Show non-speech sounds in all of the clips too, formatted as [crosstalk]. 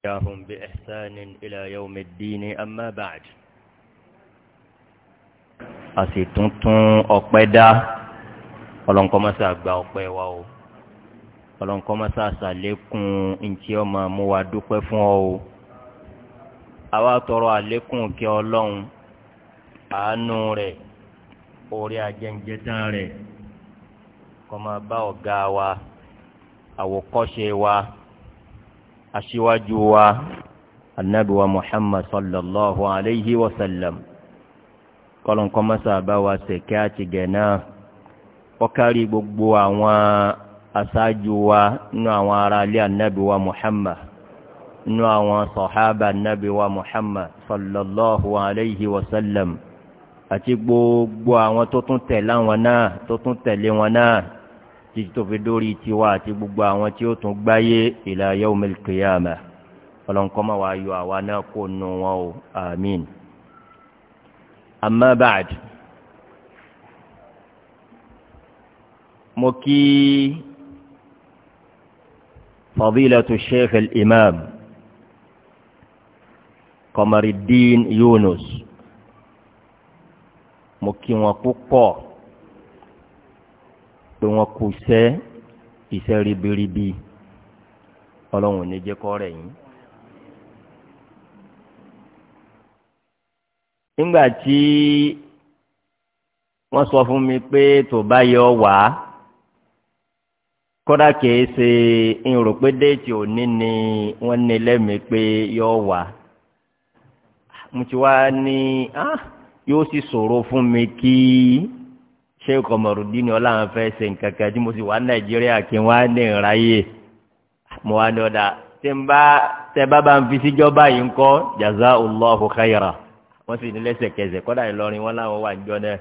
إياهم بإحسان إلى يوم الدين أما بعد a sì tún tún ọpẹ́ dá ọlọ́nkọ́ mọ́sá gba ọpẹ́ wa o ọlọ́nkọ́ mọ́sá ṣàlékún ntí ọmọ mú wa dúpẹ́ fún ọ o àwa tọrọ àlékún kí ọlọ́run àánú rẹ̀ orí ajẹ́njẹ́tàn rẹ̀ kó aṣíwájú wa anabi wa muhammad sallallahu alayhi wa sallam kọlọ́n kọ́mọ́sá bá wa ṣèkẹ́ àti gẹ̀ẹ́nà ọkárí gbogbo àwọn aṣáájú wa nínú àwọn ará ilé anabi muhammad nínú àwọn sọ̀hábà anabi muhammad sallallahu alayhi wa àti gbogbo àwọn tó tún tẹ̀lé wọn náà títí tó fi dórí tiwa àti gbogbo àwọn tí ó tún gbáyé ìlà yawmil qiyamah ọlọ́nkọ́mọ́ wa yọ àwa náà kó nu wọn o àmín. amma ba'd mo kí fadilatu sheikh al-imam Qamaruddin Yunus mo kí wọn púpọ̀. pé wọ́n kú sẹ́ iṣẹ́ ribiribi ọlọ́run ò ní jẹ́ kọ́ rẹ̀ yín. nígbà tí wọ́n sọ fún mi pé tó bá yọ wá kódà kìí ṣe n rò pé déètì òní ni wọ́n ní lẹ́mìí pé yọ wá mo ti wá ní ah, yóò sì ṣòro fún mi kí. sheikh ọmọrùdín ni ọlọ́run fẹ́ ṣe nǹkan kan tí mo sì wá nàìjíríà kí n wá ní ìráyè mo wá ní ọ̀dà tí n bá tẹ bá bá ń fi síjọba yìí ń kọ́ jaza allahu khayra wọ́n sì ní lẹ́sẹ̀kẹsẹ̀ kọ́dà ìlọrin wọn láwọn wà níjọ́ náà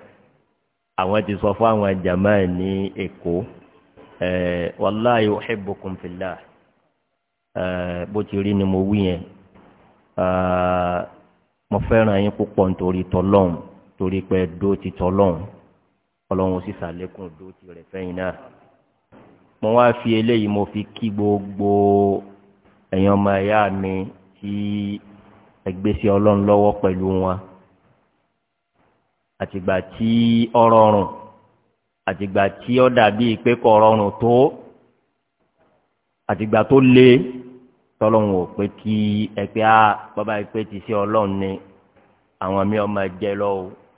àwọn ti sọ fún àwọn jama ní èkó wàláyé uhibbukum fillah bó ti rí ni mo wí yẹn mo fẹ́ràn yín púpọ̀ nítorí tọ́lọ́hún torí pé dó ti tọ́lọ́hún ọlọ́run sì sàlékún odò tirẹ̀ fẹ́yìn náà mo wá fi eléyìí mo fi kí gbogbo ẹ̀yàn ọmọ ẹ̀yà mi tí ẹgbẹ́sí ọlọ́run lọ́wọ́ pẹ̀lú wọn àtìgbà tí ọ rọrùn àtìgbà tí ọ dàbí pé kò rọrùn tó àtìgbà tó le tọ́lọ́run ò pé kí ẹ pé á bàbá ẹ ti ṣe ọlọ́run ni àwọn mi ọmọ jẹ lọ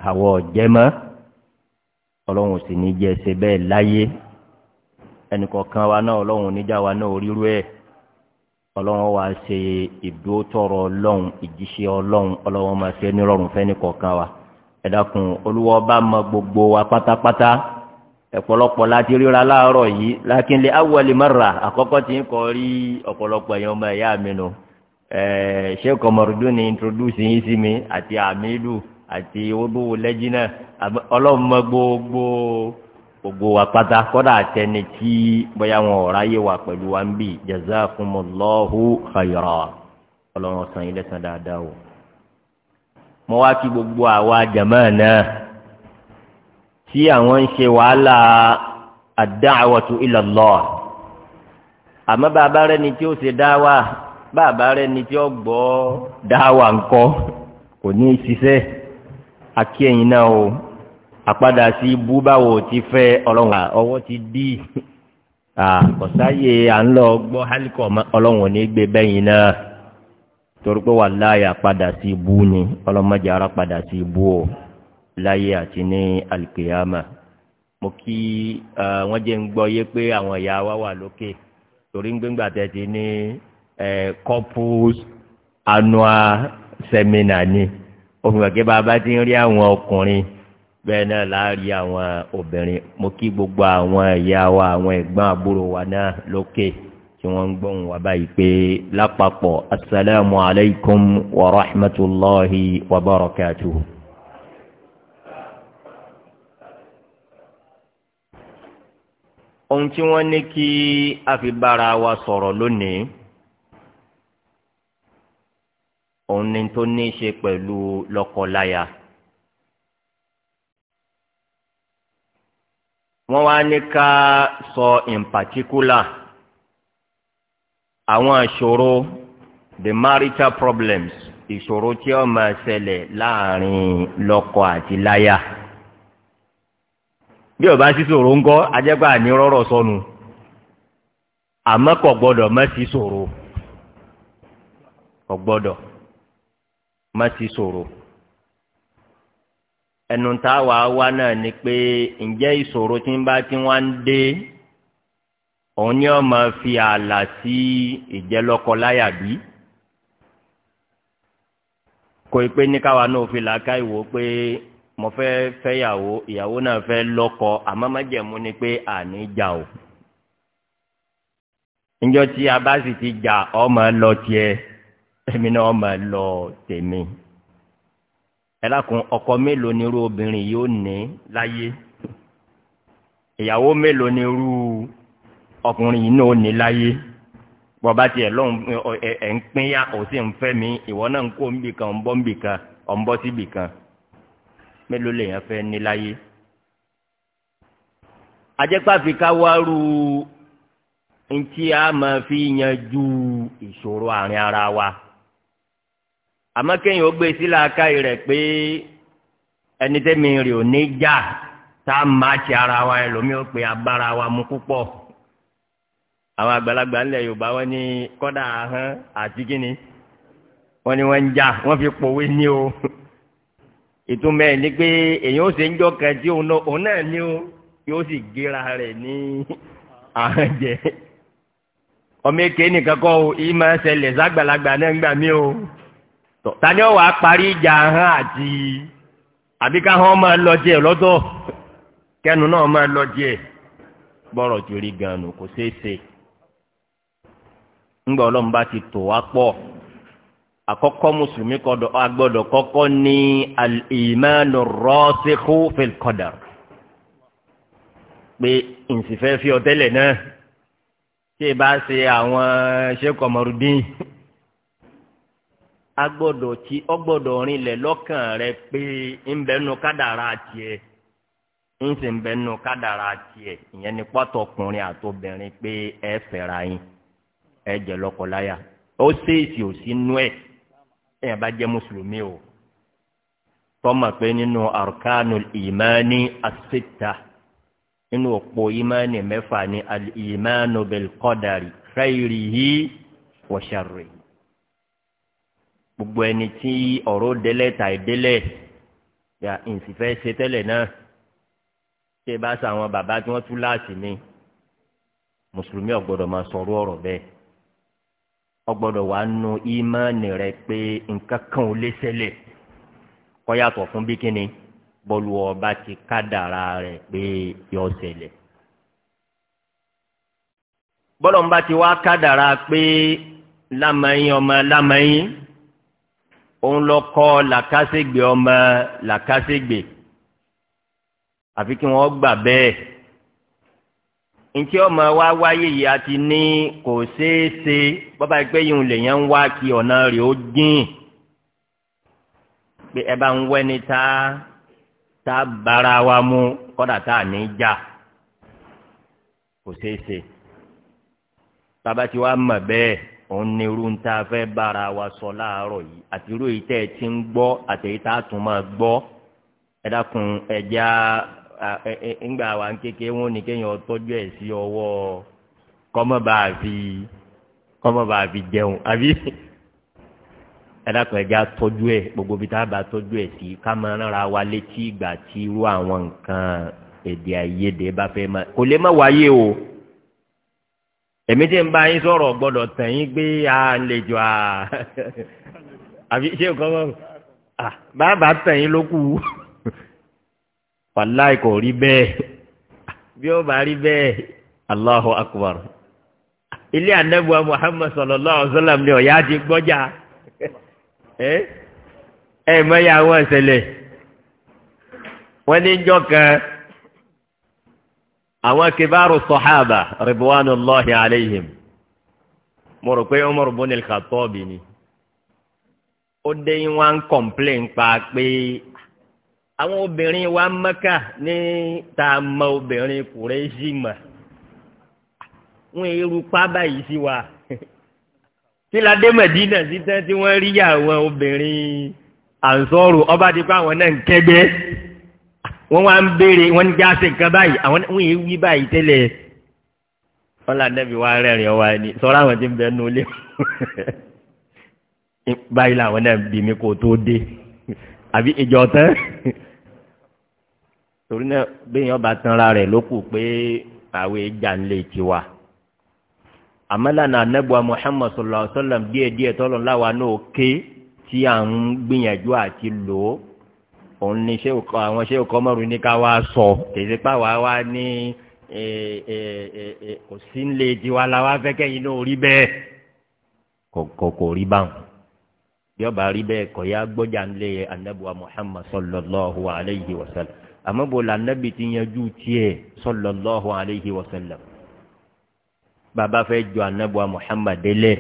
àwọ̀ jẹ mọ́ ọlọ́run sì ní jẹ́ ṣe bẹ́ẹ̀ láyé ẹnìkọ̀ọ̀kan wa náà ọlọ́run níjà wa náà orírú ẹ̀ ọlọ́run wa ṣe ìdótọ́rọ̀ ọlọ́run ìjíṣẹ́ ọlọ́run ọlọ́run máa ṣe nírọ̀rùn fẹ́nìkọ̀ọ̀kan wa ẹ dákun olúwa bá mọ gbogbo wa pátápátá ẹ̀pọ̀lọpọ̀ láti ríra láàárọ̀ yìí lákínlẹ̀ awọ́lẹ̀ mọ́ra àkọ́kọ́ tí ń kọ́ rí ọ̀pọ̀lọpọ̀ èèyàn ọmọ ẹ̀yà mi nù ṣé kọ̀mọ̀rúdún ni introduce yín sí mi àti àmì ìlú àti odò lẹ́jìnà ọlọ́run mọ gbogbo gbogbo àpáta kọ́dà àtẹni tí bóyá wọn ò ráyè wà pẹ̀lú wa ń bì jẹ́zá fún mi lọ́hù xayọ̀rọ̀ ọlọ́run ọ̀sán yìí lẹ́sàn dáadáa o. mo wá kí gbogbo àwa jàmá náà tí àwọn ń ṣe wàhálà àdáwọ̀tú ìlọ̀lọ́ àmọ́ bàbá rẹ ni tí ó ṣe dáwà bàbá rẹ ni tí ó gbọ́ dáwà ńkọ́ kò ní í ṣiṣẹ́. àkí ẹ̀yìn náà o àpadà sí bú báwo ti fẹ́ ọlọ́run ọwọ́ ti dí àkọsáyé à ń lọ gbọ́ hálíkọ̀ ọlọ́run ò ní gbé bẹ́yìn náà torí pé wà láàyè àpadà sí ibú ni ọlọ́mọdé ara padà sí ibú o láyé àti ní alìkèyàmà mo kí wọ́n jẹ́ ń gbọ́ yé pé àwọn ìyá wa wà lókè torí gbẹ́ngbà tẹ̀sí ní kọ́pù annual seminar ni. òfin kàkẹ́ bàbá ti ń rí àwọn ọkùnrin bẹ́ẹ̀ náà láàrí àwọn obìnrin mo kí gbogbo àwọn ẹ̀yà wa àwọn ẹ̀gbọ́n àbúrò wa náà lókè tí wọ́n ń gbóhùn wá báyìí pé lápapọ̀ asalaamu alaykum wa rahmatulahi wa barakatuhu. ohun tí wọ́n ní kí a fi bára wa sọ̀rọ̀ lónìí. òun ni tó ní í ṣe pẹ̀lú lọ́kọláya. wọ́n wá ní ká sọ in particular àwọn ìṣòro the marital problems ìṣòro tí ó máa ṣẹlẹ̀ láàrin lọ́kọ àti láya. bí ó bá sí ṣòro ń gọ́ ajẹ́gbà ní rọ́rọ̀ sọnù àmọ́ kò gbọ́dọ̀ má ṣòro kò gbọ́dọ̀ má ti sòrò ẹnu tá a wà wá náà ni pé ǹjẹ́ ìṣòro tí ń bá tí wọ́n ń dé òun ni ọmọ fi ààlà sí ìjẹ́lọ́kọ láyà bí kò í pé ní náà fi làákà ìwò pé mo fẹ́ fẹ́yàwó ìyàwó náà fẹ́ lọ́kọ àmọ́ májẹ̀mú ni pé àní jà o níjọ́ tí a bá sì ti jà ọmọ lọ tiẹ̀ èmi náà máa lọ tèmi ẹlákun ọkọ mélòó ni irú obìnrin yóò ní láyé ìyàwó mélòó ni irú ọkùnrin yìí náà ní láyé bọba tiẹ̀ lọhùn ẹ ẹ ń pínyà ó sì ń fẹ́ mi ìwọ náà ń kó ń bì ń bọ́ ń bì kan ń bọ́ síbì kan mélòó lèèyàn fẹ́ ní láyé ajẹ́pàfi ká wárú ntí a máa fi yanjú ìṣòro àárín ara wa àmọ́ kéèyàn ó gbé sí làákàyè rẹ̀ pé ẹni tẹ́mi rè ò ní já tá a máa ṣe ara wa ẹlòmíì ó pe agbára wa mu púpọ̀ àwọn àgbàlagbà ńlẹ̀ yorùbá wọn ní kọ́dà ahọ́n àti kíni wọ́n ní wọ́n ń já wọ́n fi pòwe ní o ìtumọ̀ ẹ̀ ni pé èyàn ó ṣe ń jọ kan tí òun náà ní o yóò sì gíra rẹ̀ ní ahọ́n jẹ ọmọ èké nìkan kọ́ o ìmọ̀ ẹsẹ̀ lẹ̀ sàgbàlagbà náà ń gbà mí o tọ́ tani ọ̀wà parí ìjà hàn àti àbí káwọn máa lọ jẹ lọ́dọ̀ kẹnu náà máa lọ jẹ bọ́rọ̀ tó rí gan nù kò ṣeé ṣe ńgbà ọlọ́run bá ti tò wá pọ̀ àkọ́kọ́ mùsùlùmí agbọ́dọ̀ kọ́kọ́ ní al-imanu rasikhu pé ǹsìfẹ́ fi ọ̀tẹ́lẹ̀ náà ṣé bá ṣe àwọn ṣé agbọ́dọ̀ tí ọgbọ́dọ̀ rinlẹ̀ lọ́kàn rẹ pé ńbẹ́nu kádàrá tiẹ̀ ńsì ńbẹ́nu kádàrá tiẹ̀ ìyẹn ni pọ́tọ̀ ọkùnrin àtobìnrin pé ẹ fẹ́ra yín ẹ jẹ́ lọ́kọláya ó ṣèèṣì ò sí nú ẹ̀ ẹ̀yìn bá jẹ́ mùsùlùmí o tọ́mọ̀ pé nínú arkanu ìmánì asita nínú òpó ìmánì mẹ́fà ni al-ìmánu bil-qadari khayrihi wa gbogbo ẹni tí ọ̀rọ̀ délẹ̀ tà délẹ̀ yà ìsìfẹ́ ṣe tẹ́lẹ̀ náà ṣé bá sọ àwọn bàbá tí wọ́n tú láàṣì ni mùsùlùmí ọ̀gbọ́dọ̀ máa sọ̀rọ̀ ọ̀rọ̀ bẹ́ẹ̀ ọ̀gbọ́dọ̀ wàá nu ìmánì rẹ pé nǹkan kan ò lè ṣẹlẹ̀ kọ́ yàtọ̀ fún bí kíni bọ́lú ọba ti kádàrá rẹ̀ pé yọ ṣẹlẹ̀ bọ́lọ̀ ń bá ti wá kádàrá pé lámàyín ọmọ lámàyín òun lọ kọ́ làkàṣègbè ọmọ làkàṣègbè àfi kí wọ́n gbà bẹ́ẹ̀ ntí ọmọ wa wáyé yìí a ti ní kò ṣeé ṣe bọ́bá yìí pé yìí lèyàn ń wá kí ọ̀nà rẹ̀ ó dín pé ẹ bá ń wẹ́ni tá tá bára wa mú kọ́dà tá à ní já kò ṣeé ṣe bàbá tí wàá mọ̀ bẹ́ẹ̀ òun ni irú ń tá fẹ́ bára wa sọ láàárọ̀ yìí àti irú èyí tẹ́ ẹ ti ń gbọ́ àti èyí tá a tún máa gbọ́ ẹ dákun ẹja ńgbà wa ń kékeré wọn ni kéèyàn tọ́jú ẹ̀ sí ọwọ́ kọ́mọ́bà àfi kọ́mọ́bà àfi jẹun àbí ẹ dákun ẹja tọ́jú ẹ̀ gbogbo bí tá tọ́jú ẹ̀ sí ká máa rárá wa létí ìgbà tí irú àwọn nǹkan èdè àìyedè bá fẹ́ máa kò lè má wáyé o. èmi tí ń bá yín sọ̀rọ̀ gbé àlejò à àbí ṣé o kọ́ bàbá tàn yín ló kù wàláì kò rí bẹ́ẹ̀ bí ó bá rí bẹ́ẹ̀ allahu akbar ilé muhammed sallallahu alaihi wa sallam ni ọ̀yá ti gbọ́jà mọ̀ àwọn kibaru sọ̀hábà ridwanullahi alayhim mo rò pé Umar ibn al-Khattab ni ó dé wá ń kọ̀m̀plẹ̀n pa pé àwọn obìnrin wa Mẹ́kà ní tá a mọ obìnrin Kùrẹ́ṣì mọ̀ wọn èrú pábà yìí sí wa tí ládé Mẹ̀dínà sí tán tí wọ́n rí àwọn obìnrin àǹsọ̀rù ọba ti àwọn náà ń kẹ́gbẹ́ wọ́n wá ń béèrè wọ́n ní jáse nǹkan báyìí àwọn wọ́n yìí wí báyìí tẹ́lẹ̀ wọ́n là nẹ́bi wá rẹ́rìn ọwọ́ ẹni sọ́ra àwọn tí ń bẹ nù lé [laughs] báyìí làwọn náà bí mi kò tó dé àbí ìjọ tán [laughs] torí náà bẹ́ẹ̀ ọba tanra rẹ̀ ló kù pé àwọn ìjà ń lè tiwa àmàlànà anábùwà muhammad sallallahu alaihi wa sallam díẹ̀díẹ̀ tọ́lọ́ láwa náà ké tí à ń gbìyànjú àti lò ó òun ni àwọn ṣé òkọ mọ́rù ní ká wá sọ kèsì pa wá wá ní kò sí ń lè tiwa la wá fẹ́ kẹ́yìn náà rí bẹ́ẹ̀ kò kò rí báwọn bí ọba rí bẹ́ẹ̀ kò yá gbọ́jà ń lé muhammad sallallahu alayhi wa sallam àmọ́ bò la ti yanjú tiẹ̀ sallallahu alayhi wa sallam bàbá fẹ́ jọ anabuwa muhammad délẹ̀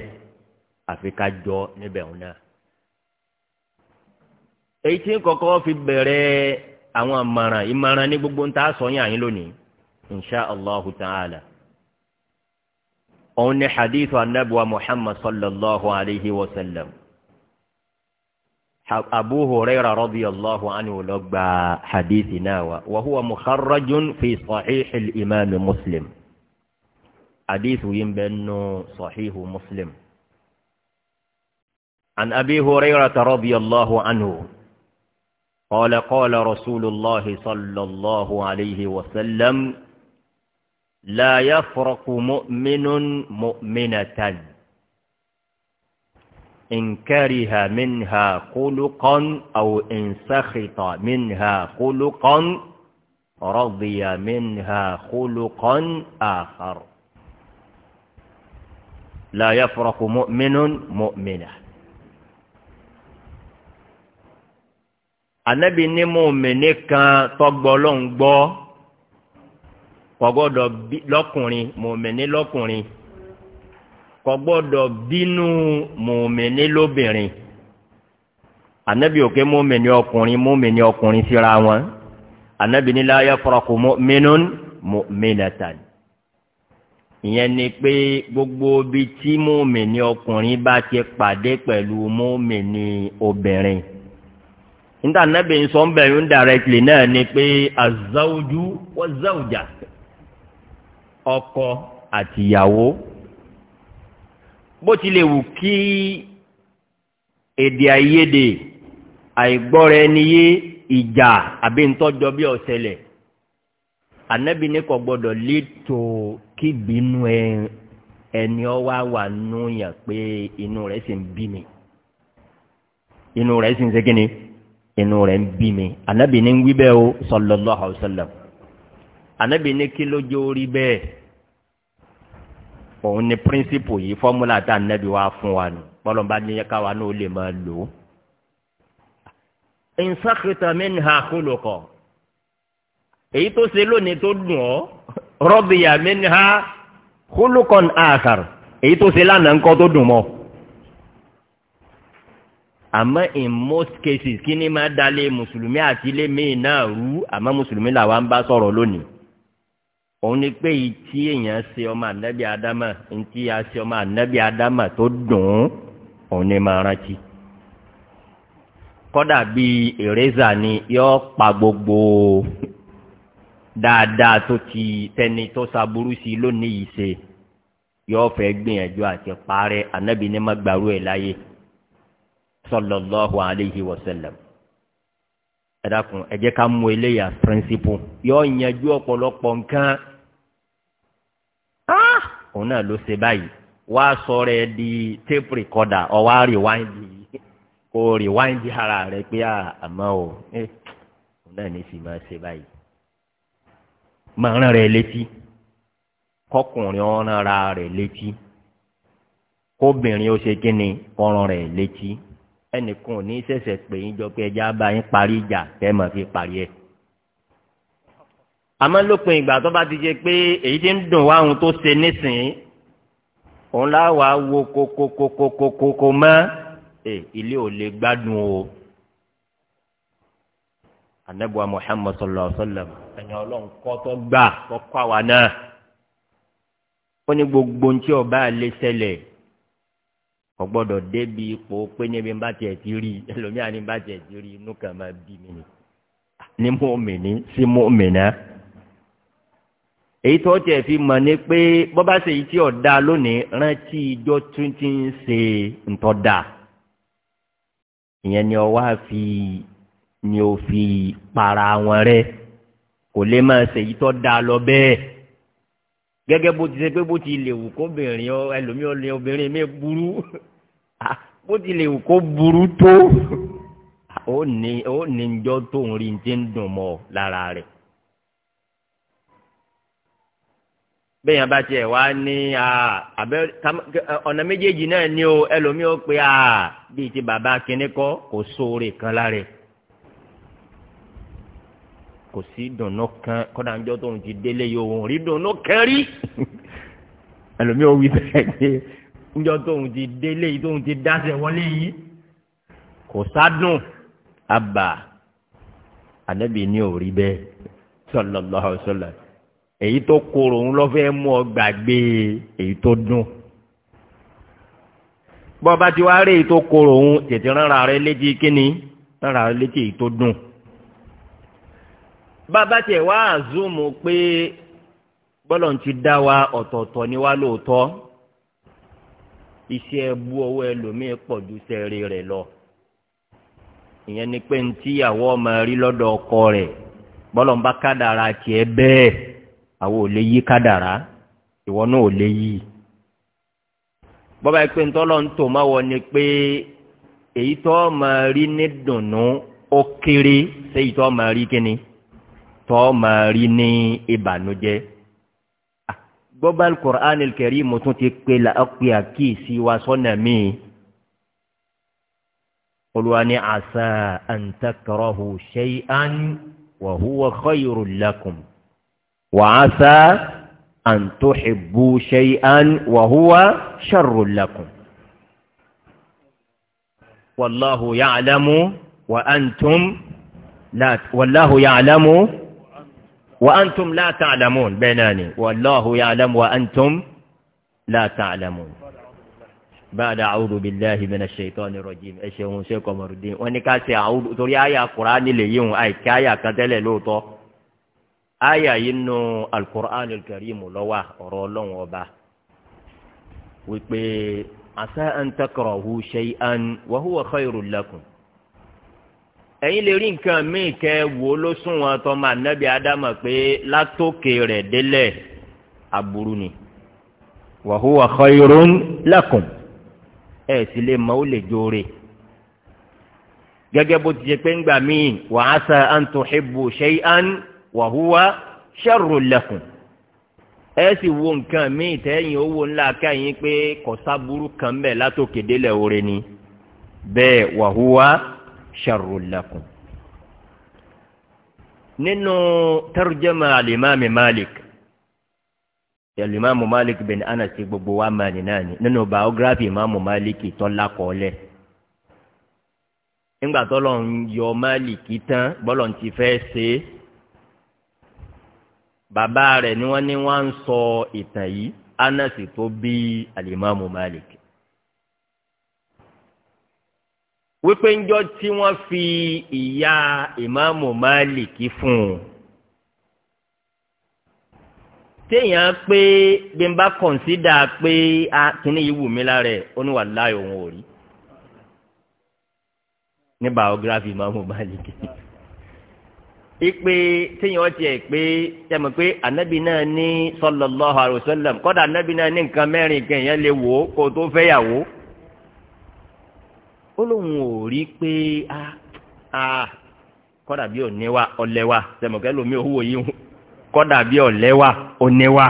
àfi ká jọ níbẹ̀ wọn náà èyí tí kọ́kọ́ fi bẹ̀rẹ̀ àwọn àmàràn ìmàràn ní gbogbo ń ta sọ́yìn àyín lónìí insha allah ta'ala òun ni hadith anabuwa muhammad sallallahu alayhi wa sallam abu huraira radiyallahu anhu ló gba hadith náà wa wa huwa mukharrajun fi sahih al-imam muslim hadith yìí ń bẹ muslim. عن أبي هريرة رضي الله عنه قال قال رسول الله صلى الله عليه وسلم لا يفرق مؤمن مؤمنة إن كره منها خلقا أو إن سخط منها خلقا رضي منها خلقا آخر لا يفرق مؤمن مؤمنه anabi ní mòmìnì kan tọgbọ ló ń gbọ́ kọgbọ́dọ̀ bí lọ́kùnrin mòmìnì lọ́kùnrin kọgbọ́dọ̀ bínú mòmìnì lóbìnrin anabi òkè mòmìnì ọkùnrin mòmìnì ọkùnrin síra wọn anabi ní la yafraqu mu'minun mu'minatan ìyẹn ni pé gbogbo ibi tí mòmìnì ọkùnrin bá ti pàdé pẹ̀lú mòmìnì obìnrin níta nẹ́bí ń sọ ń bẹ̀rù ń directly náà ni pé azawujú wọ́n zawujà ọkọ àtìyàwó bó tilẹ̀ wù kí èdè àìyedè àìgbọ́ra ẹni yé ìjà àbí ntọ́jọ́ bí ọ̀sẹ̀lẹ̀ ànẹ́bí ní kò gbọ́dọ̀ létò kíbinú ẹni ọwá wà nù yàn pé inú rẹ̀ sì ń bí mi inú rẹ̀ sì ń ṣe ni inú rẹ̀ ń bí mi ànábì ní wí bẹ́ẹ̀ o sallallahu alaihi wasallam ànábì ní kí ló jẹ́ orí bẹ́ẹ̀ òun ni píríncípù yìí fọ́múlà tá ànábì wá fún wa nù bọ́lọ̀ bá ní káwa náà ó lè máa lò ó. in sakhita minha khuluqa èyí tó ṣe lónìí tó dùn ọ́ radiya minha khuluqan akhar èyí tó ṣe lánàá ńkọ́ tó dùn mọ́ àmọ́ in most cases kí ni máa dalé mùsùlùmí àti ilé míì náà rú àmọ́ mùsùlùmí làwa ń bá sọ̀rọ̀ lónìí òun ni pé tí èèyàn ṣe ọmọ ànábì ádámà ntí a ṣe ọmọ ànábì ádámà tó dùn ún òun ni máa rántí kọ́dà bíi ìrẹ́zà ni yọ́ pa gbogbo dáadáa tó ti tẹni tó ṣaburú sí lónìí yìí ṣe yọ́ fẹ́ gbìyànjú àti parẹ́ ànábì ní má gbàrú ẹ̀ láyé sọlọlọhu aleyhi wa sẹlẹm ẹ dákun ẹ jẹ́ ká mú eléyà píríncípù yóò yanjú ọ̀pọ̀lọpọ̀ nǹkan ah! òun náà ló ṣe báyìí wá sọ̀rọ̀ ẹ di tape recorder ọ wá rìwáìndì kò rìwáìndì ara rẹ pé àmọ́ o eh, òun náà ní sì máa ṣe báyìí máa rán rẹ létí kọkùnrin ọ̀ràn ara rẹ létí kóbìnrin ó ṣe kí ni ọ̀ràn rẹ létí ẹnìkan ò ní ṣẹ̀ṣẹ̀ pè yín jọ pé ẹja bá yín parí ìjà tẹ́ mọ̀ fi parí ẹ̀. àmọ́ lópin ìgbà tó bá ti jẹ pé èyí ti ń dùn wá ohun tó ṣe nísìnyí òun láwa wo kokokokokoko mọ́ ẹ ilé ò lè gbádùn o. anabuwa muhammad sallallahu alaihi wa sallam ẹ̀yin ọlọ́run kọ́ tó gbà tó kọ́ àwa náà ó ní gbogbo ohun tí ọba lè ṣẹlẹ̀ kò gbọ́dọ̀ débi ipò pé níbi bá tiẹ̀ ti rí ẹlòmíà ní bá tiẹ̀ ti rí inú kan máa bí mi ni ní mò ń mì ní sí mò ń mì náà èyí tó tiẹ̀ fi mọ̀ ni pé bọ́ bá ṣe èyí tí ọ̀dà lónìí rántí ijó tún ti ń ṣe ntọ́da ìyẹn ni ọwọ́ àfi ni ò fi para wọn rẹ kò lè máa ṣe èyí tó da lọ bẹ́ẹ̀ gẹ́gẹ́ bó ti ṣe pé bó ti lè wù kóbìnrin ẹlòmíọ́ lè obìnrin mi burú [laughs] Ah, bó tilẹ̀ wù kó burú tó ó ní ó ní njọ́ tó ń rí ti ń dùn mọ́ lára rẹ̀. bẹ́ẹ̀ yẹn bá tiẹ̀ wá ní abẹ́ ọ̀nà méjèèjì náà ni o ẹlòmíì ó pe bíi ti bàbá kínní kọ́ kò sóore kan lára rẹ̀ kò sí dùnú kan kọ́dà ńjọ́ tó ń ti délé yìí rí dùnú kan rí [laughs] ẹlòmíì ó wí bẹ́ẹ̀ ni níjọ́ tóun ti délé yìí tóun ti dáṣẹ wọlé yìí kò sádùn àbà ànábì ní òrí bẹ́ẹ̀ sallallahu alaihi wasallam èyí tó korò òun lọ fẹ́ mú ọ gbàgbé èyí tó dùn bọ́ba ti wá rí èyí tó korò òun tètè rárá rẹ létí kíni rárá rẹ létí èyí tó dùn bàbá tiẹ̀ wá àzùmù pé bọ́lọ̀ ń ti dá wa ọ̀tọ̀ọ̀tọ̀ ni wá lóòótọ́ iṣẹ́ ẹbú ọwọ́ ẹlòmíín pọ̀ ju sẹ́ẹ̀rì rẹ̀ lọ. ìyẹn ni pé ntíyàwó ọmọ rí lọ́dọ̀ ọkọ rẹ̀ bọ́lọ̀ ń bá kádàrá tiẹ̀ bẹ́ẹ̀ àwọn ò lè yí kádàrá ìwọ náà ò lè yí. bọ́bá yìí ni pé èyí tó ọmọ rí ní ó kéré sí èyí tó ọmọ rí kíni gbogbo bọ́bá alukur'an kẹrí mo tún ti pè la ọ̀pẹ àkíyèsí wa sọ́nà mi. olùwà ni àṣà àǹtakàrọ̀hù ṣẹ́yán wàhúwà kọ́yìrù lakum wàásà àǹtóhìbù ṣẹ́yán wàhúwà ṣàrù lakùn. wàláhù yàlámù wà á ń tún wàláhù yàlámù. wa antum la ta'lamun bẹ́ẹ̀ náà ni wallahu ya'lam wa antum la ta'lamun. báyìí a'udhu billahi minash shaitani rajim ẹ ṣeun ṣe kọmọrùdín wọn ni ká ṣe a'udhu torí àyà kùránì lè yíwọn àìkí àyà kan tẹ́lẹ̀ lóòótọ́ àyà yìí nù al-Qur'an al-Karim lọ́wọ́ ọ̀rọ̀ ọlọ́run ọba wípé asa an takrahu shay'an wa huwa khayrun lakum ẹ̀yin lè rí nǹkan míì kẹ́ wò ó ló sún wọn tọ́ máa nẹ́bí ádámà pé látòkè rẹ̀ délẹ̀ aburú ni wa huwa khayrun lakum ẹ̀ sì lè mọ ó lè jóore gẹ́gẹ́ bó ti ṣe pé ńgbà míì wa asa an tuhibbu shay'an wa huwa sharrun lakum ẹ sì wo nǹkan míì tẹ́yìn owó ńlá káyín pé kọ̀sáburú kan bẹ̀ látòkè délẹ̀ oore ni bẹ́ẹ̀ wa sharrun lakum. nínú tarjama alimami malik alimami malik bin anas gbogbo wa máa ní náà ni nínú biography imaamu malik tọ́lá kọ́lẹ̀ nígbà tọ́lọ̀ ń yọ malik tán bọ́lọ̀ ti fẹ́ ṣe é bàbá ni wọ́n ní wọ́n ń sọ ìtàn yìí anasi tó bí alimami malik wípé ńjọ tí wọ́n fi ìyá ìmáàmù máàlìkì fún un téèyàn pé bí n bá kọ̀ǹsídà pé a kìíní yìí wù mí lára ẹ̀ ó ní wà láàyò òun ò rí ní biography ìmáàmù máàlìkì ipe téèyàn tiẹ̀ pé tẹ̀mọ̀ pé anabi náà ní sọlọ́lọ́hu àròsọ́lẹ̀m kọ́dà anabi náà ní nǹkan mẹ́rin kẹ̀yìn lè wò ó kó tó fẹ́ yàwó ó lóun ò rí pé a ah, a ah, kọ́dà bí òníwà ọ̀lẹ́wà sẹ̀mọ̀kẹ́ lomi owó yìí kọ́dà bí ọ̀lẹ́wà òníwà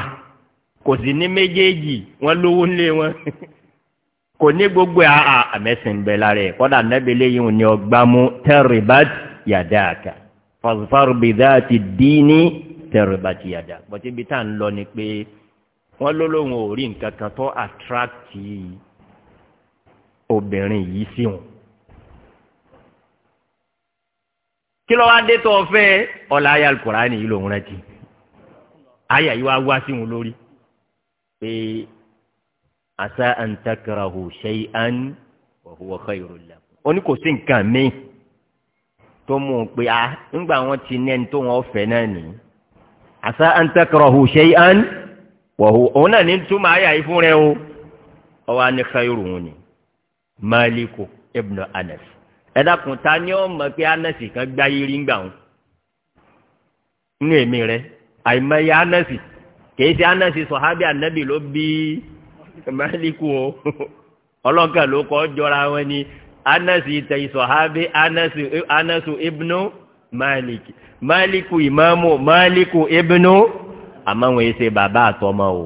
kò sí ní méjèèjì wọ́n lówó ńlé wọn [laughs] kò ní gbogbo àà ah, àmẹ́sìn bẹ̀ lára ẹ̀ kọ́dà nẹ́bẹ̀lẹ́ yìí ò ní ọgbà mú tẹ́rìbát yàdáàkà fàzùfàrù bìdá ti dín ní tẹ́rìbát yàdá bọ́tí bí tá ń lọ ni pé wọ́n lólóhùn ò rí nǹkan kan tó àtrákì yìí obìnrin yìí sí wọn. kí ló wá dé tó o fẹ́ ọ̀la ayé alukurani yìí lòun rántí ayé yìí wá wá sí wọn lórí pé asa an takrahu shay'an wa huwa khayrun lakum. ó ní kò sí nǹkan mi tó mú un pé a ah, ńgbà wọn ti ní tó wọn fẹ́ náà nìyí asa an takrahu shay'an wa huwa náà ní túmọ̀ ayé yìí fún rẹ o ọwọ́ á ní ni maliku ibnu anas ẹ dákun ta ni ó mọ̀ pé anas kan gbáyé rí ń gbà wọn nínú èmi rẹ àìmọye anas kìí ṣe anas sọ̀hábì anabi ló bí maliku o [laughs] ọlọ́kàn ló kọ́ jọra wọn ni anas tẹ̀yìn sọ̀hábì anas ibnu Malik. maliku imamu, maliku ibnu àmọ́ wọn ṣe bàbá àtọmọ o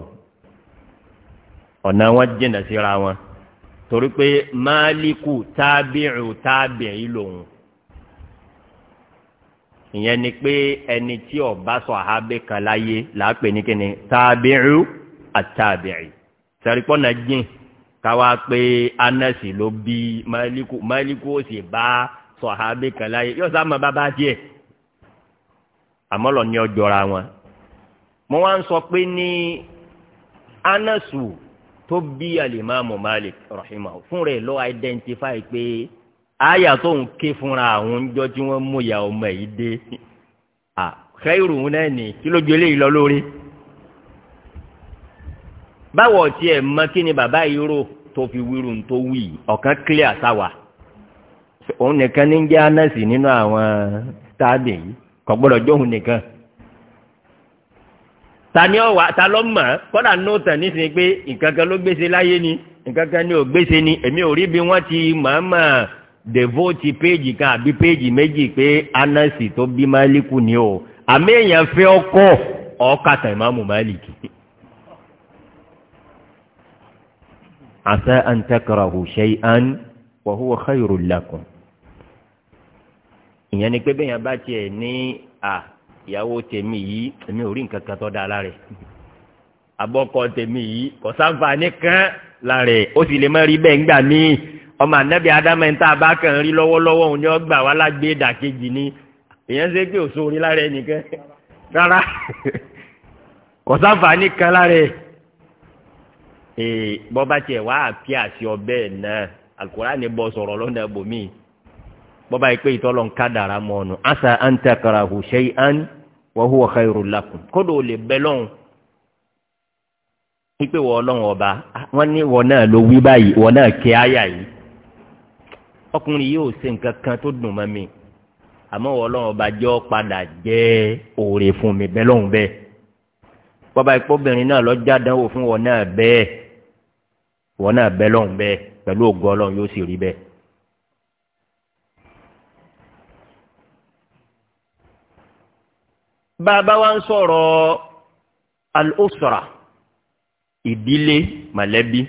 ọ̀nà wọn jìnnà síra wọn torí pé máàlíkù tábìrù tábìrì lòun ìyẹn ni pé ẹni tí ọba sọ àhábẹ kan láyé làápè ní kíni tábìrù àtàbìrì sẹrípọ́nà jìn káwá pé anẹ́sì ló bí máàlíkù máàlíkù ó sì bá sọ àhábẹ kan láyé yóò sá mọ bàbá tiẹ̀ àmọ́ ní ọjọ́ra wọn mo wá ń sọ pé ní anẹ́sù tó bí alimami malik Rahima. fún rẹ̀ lọ identify pé aya tó ń ké fúnra àwọn jọ tí wọ́n mú ya ọmọ yìí dé à xeyiru náà nì kí ló gbélé yìí lọ lórí. báwo tiẹ̀ mọ kí ni bàbá yìí rò tó fi wíru tó wì ọ̀kan clear sáwà òun nìkan ní jẹ́ anẹ́sì nínú àwọn táàbì yìí kò jóhun nìkan tani ọwà ta lọ mọ kọ́dà nóòtàn nísìnyí pé nkankan ló gbèsè láyé ni nkankan ni ò gbèsè ni èmi ò rí bí wọ́n ti màmá devote péjì kan àbí péjì méjì pé anasi tó bí máàlíkù ni o àmì èèyàn fẹ́ ọkọ ọkàtà ìmáàmù máàlíkì. asa an takarahu shay'an wa huwa khayrun lakum. ìyẹn ni pé bẹ́ẹ̀ yẹn bá tiẹ̀ ní à. Ah, ìyàwó tèmi yìí èmi ò rí nǹkan kan tó dáa lára ẹ̀ abọ́kọ tèmi yìí kò sáǹfààní kan lára ẹ̀ ó sì lè má rí bẹ́ẹ̀ ńgbà míì ọmọ ànábì ádámẹ́ ń tá a bá kàn rí lọ́wọ́lọ́wọ́ òun ni ó gbà wá lágbé dàkejì ni èèyàn ṣe pé òṣò orí nìkan rárá kò sáǹfààní kan lára ẹ̀ ee bọ́ba tiẹ̀ wá àpí àṣì ọbẹ̀ náà àkùrá ni bọ́ sọ̀rọ̀ lọ́nà ẹ̀bùnmí bọ́ba yìí pé ìtọ́lọ́ ń ká mọ́ ọ̀nà àṣà àǹtẹ̀kàrà hù ṣe é án wọ́n hùwà káyọ̀rọ̀ lakùn kódò ò lè bẹ́ lọ́hùn wípé wọ́n ọlọ́run ọba wọ́n ní wọ́n náà ló wí báyìí wọ́n náà ké áyà yìí ọkùnrin yìí ò ṣe nǹkan kan tó dùn mọ́ mi àmọ́ wọ́n ọlọ́run ọba jọ́ padà jẹ́ òòrè fún mi bẹ́ lọ́hùn bẹ́ẹ̀ bọ́ba ìpọ́bìnrin náà lọ́jà dánwò fún wọ́n náà bẹ́ẹ̀ wọ́n náà bẹ́ lọ́hùn bẹ́ẹ̀ pẹ̀lú ògo ọlọ́run yóò sì rí bẹ́ẹ̀. bàbá wa ń sọ̀rọ̀ al-usra ìdílé mọ̀lẹ́bí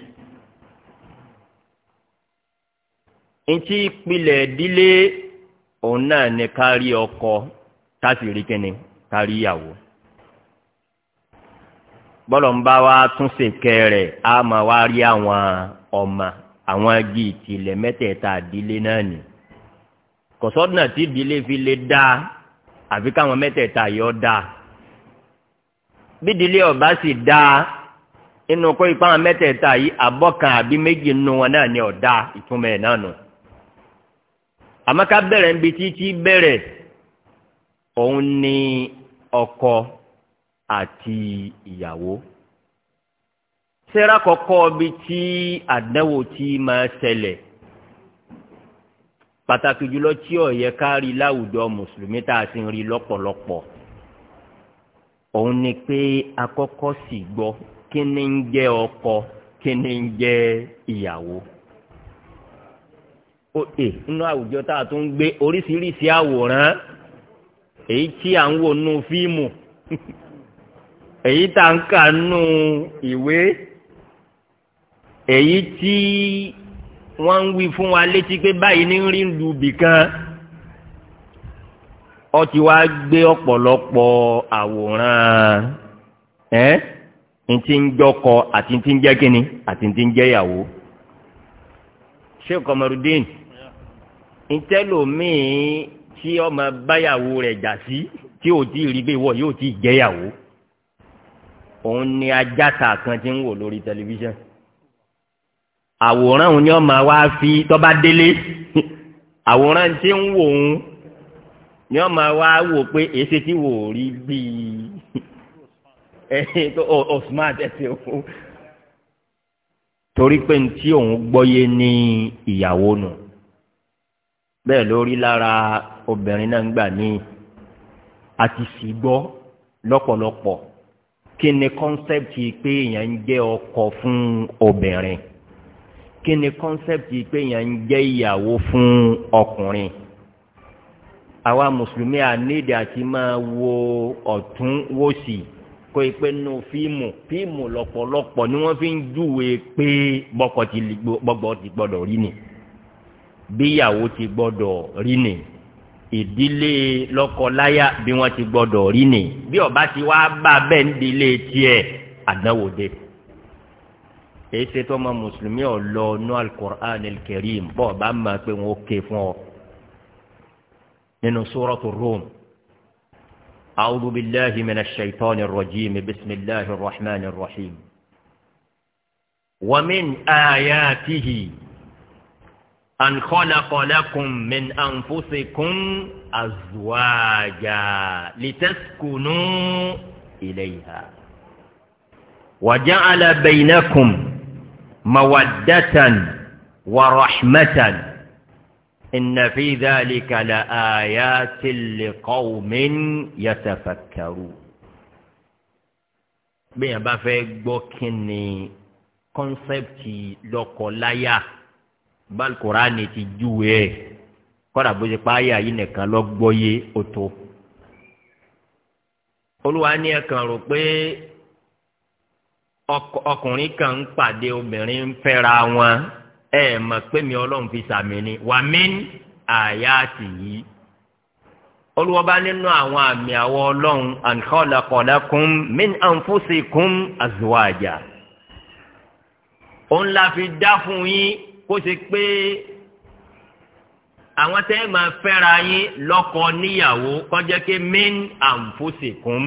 ntí ìpìlẹ̀ ìdílé òun náà ni kárí ọkọ káàsì rí kíni kárí ìyàwó bọ́lọ̀ ń bá wa tún ṣèkẹ́ rẹ̀ á máa wá rí àwọn ọmọ àwọn agi ìtìlẹ̀ mẹ́tẹ̀ẹ̀ta ìdílé náà nì kọ̀sọ́dúnà tí ìdílé fi lè dáa àfi káwọn mẹ́tẹ̀ẹ̀ta yọ dáa bídìlé ọba sì dáa inú kó ipá àwọn mẹ́tẹ̀ẹ̀ta yìí abọ́kan àbí méjì nínú wọn náà ni ọ̀dá ìtumọ̀ ẹ̀ náà nù àmọ́ ká níbi títí bẹ̀rẹ̀ òun ni ọkọ àti ìyàwó sẹ́rà kọ́kọ́ bíi tí àdánwò tí máa ṣẹlẹ̀ pàtàkì jùlọ tí ò yẹ ká rí láwùjọ mùsùlùmí tá a sì ń rí lọ́pọ̀lọpọ̀ òun ni pé akọ́kọ́ sì gbọ́ kí ni ń jẹ́ ọkọ kí ni ń jẹ́ ìyàwó ó ẹ eh, nínú àwùjọ tá a tún gbé oríṣiríṣi àwòrán èyí tí à ń wò nù fíìmù [laughs] èyí tá à ń kà nù ìwé èyí tí wọ́n ń wí fún wa létí pé báyìí ní rí lu bìkan ó ti wá gbé ọ̀pọ̀lọpọ̀ àwòrán ẹ́ ntí ń jọkọ àti ntí ń jẹ́ kínní àti ntí ń jẹ́ ìyàwó sheikh ọmọrúdín ntẹ́lòmíì tí ọmọ báyàwó rẹ̀ jà sí tí ò tí ì rí bẹ́ẹ̀ wọ yóò tí ì jẹ́yàwó òun ni ajáta kan ti ń wò lórí tẹlifíṣàn àwòrán òun ni ọmọ wa fi tọ́ba délé àwòrán tí ń wò òun ni ọmọ wa wò pé èsì tí wò rí bíi [laughs] ẹ̀hìn tó osman ẹ̀sìn òun torí pé tí òun gbọ́yé ní ìyàwó nù bẹ́ẹ̀ lórí lára obìnrin náà ń gbà ní àti sì gbọ́ lọ́pọ̀lọpọ̀ kí ni kọ́nsẹ́pì pé èèyàn ń jẹ́ ọkọ fún obìnrin kí ni kọ́nsẹ́pì pé yẹn ń jẹ́ ìyàwó fún ọkùnrin àwa mùsùlùmí àníìdí àti máa wo ọ̀tún wò sí kó e pé nínú fíìmù fíìmù lọ́pọ̀lọpọ̀ ni wọ́n fi ń júwe pé bọ́kọ ti gbọ́gbọ́ ti gbọ́dọ̀ rí ni bíyàwó ti gbọ́dọ̀ rí ni ìdílé lọ́kọláya bí wọ́n ti gbọ́dọ̀ rí ni bí ọba ti wá bá bẹ́ẹ̀ ń dilé tiẹ̀ àdánwò dé. ese tó ma mùsùlùmí lo nú alukur'an kẹrìm bọ́ ba ma pé wọn ó ké fún ọ nínú sórọ́tù rom awudu bilahi mina shaitan rajim bisimilahi rahman rahim wamin ayatihi an kọlakọlakun min anfusikun azuwaja litaskunu ilayha wàjà ala bẹ̀yìnàkùn. mawaddatan wa rahmatan inna fi dhalika la ayatin liqawmin yatafakkaru. bẹ́ẹ̀ bá fẹ́ gbọ́ kí ni kọ́nsẹ́pìtì lọ́kọ̀láyà balùkùránì ti júwe ẹ̀ kọ́dà bó ṣe pa yìí nìkan lọ́gbọ́yé ó tó. olúwa ní ẹ̀kan rò pé ọkùnrin kan ń pàdé obìnrin ń fẹ́ra wọn ẹ mọ̀ pé mi ọlọ́run fi sàmì ni wà mí àyà àti yìí olùwọ́ba nínú àwọn àmì àwọ̀ ọlọ́run an khalaqa lakum min azwaja òun la fi dá fún yín kó ṣe pé àwọn tẹ́ ẹ máa fẹ́ra yín lọ́kọ níyàwó kọjá pé min anfusikum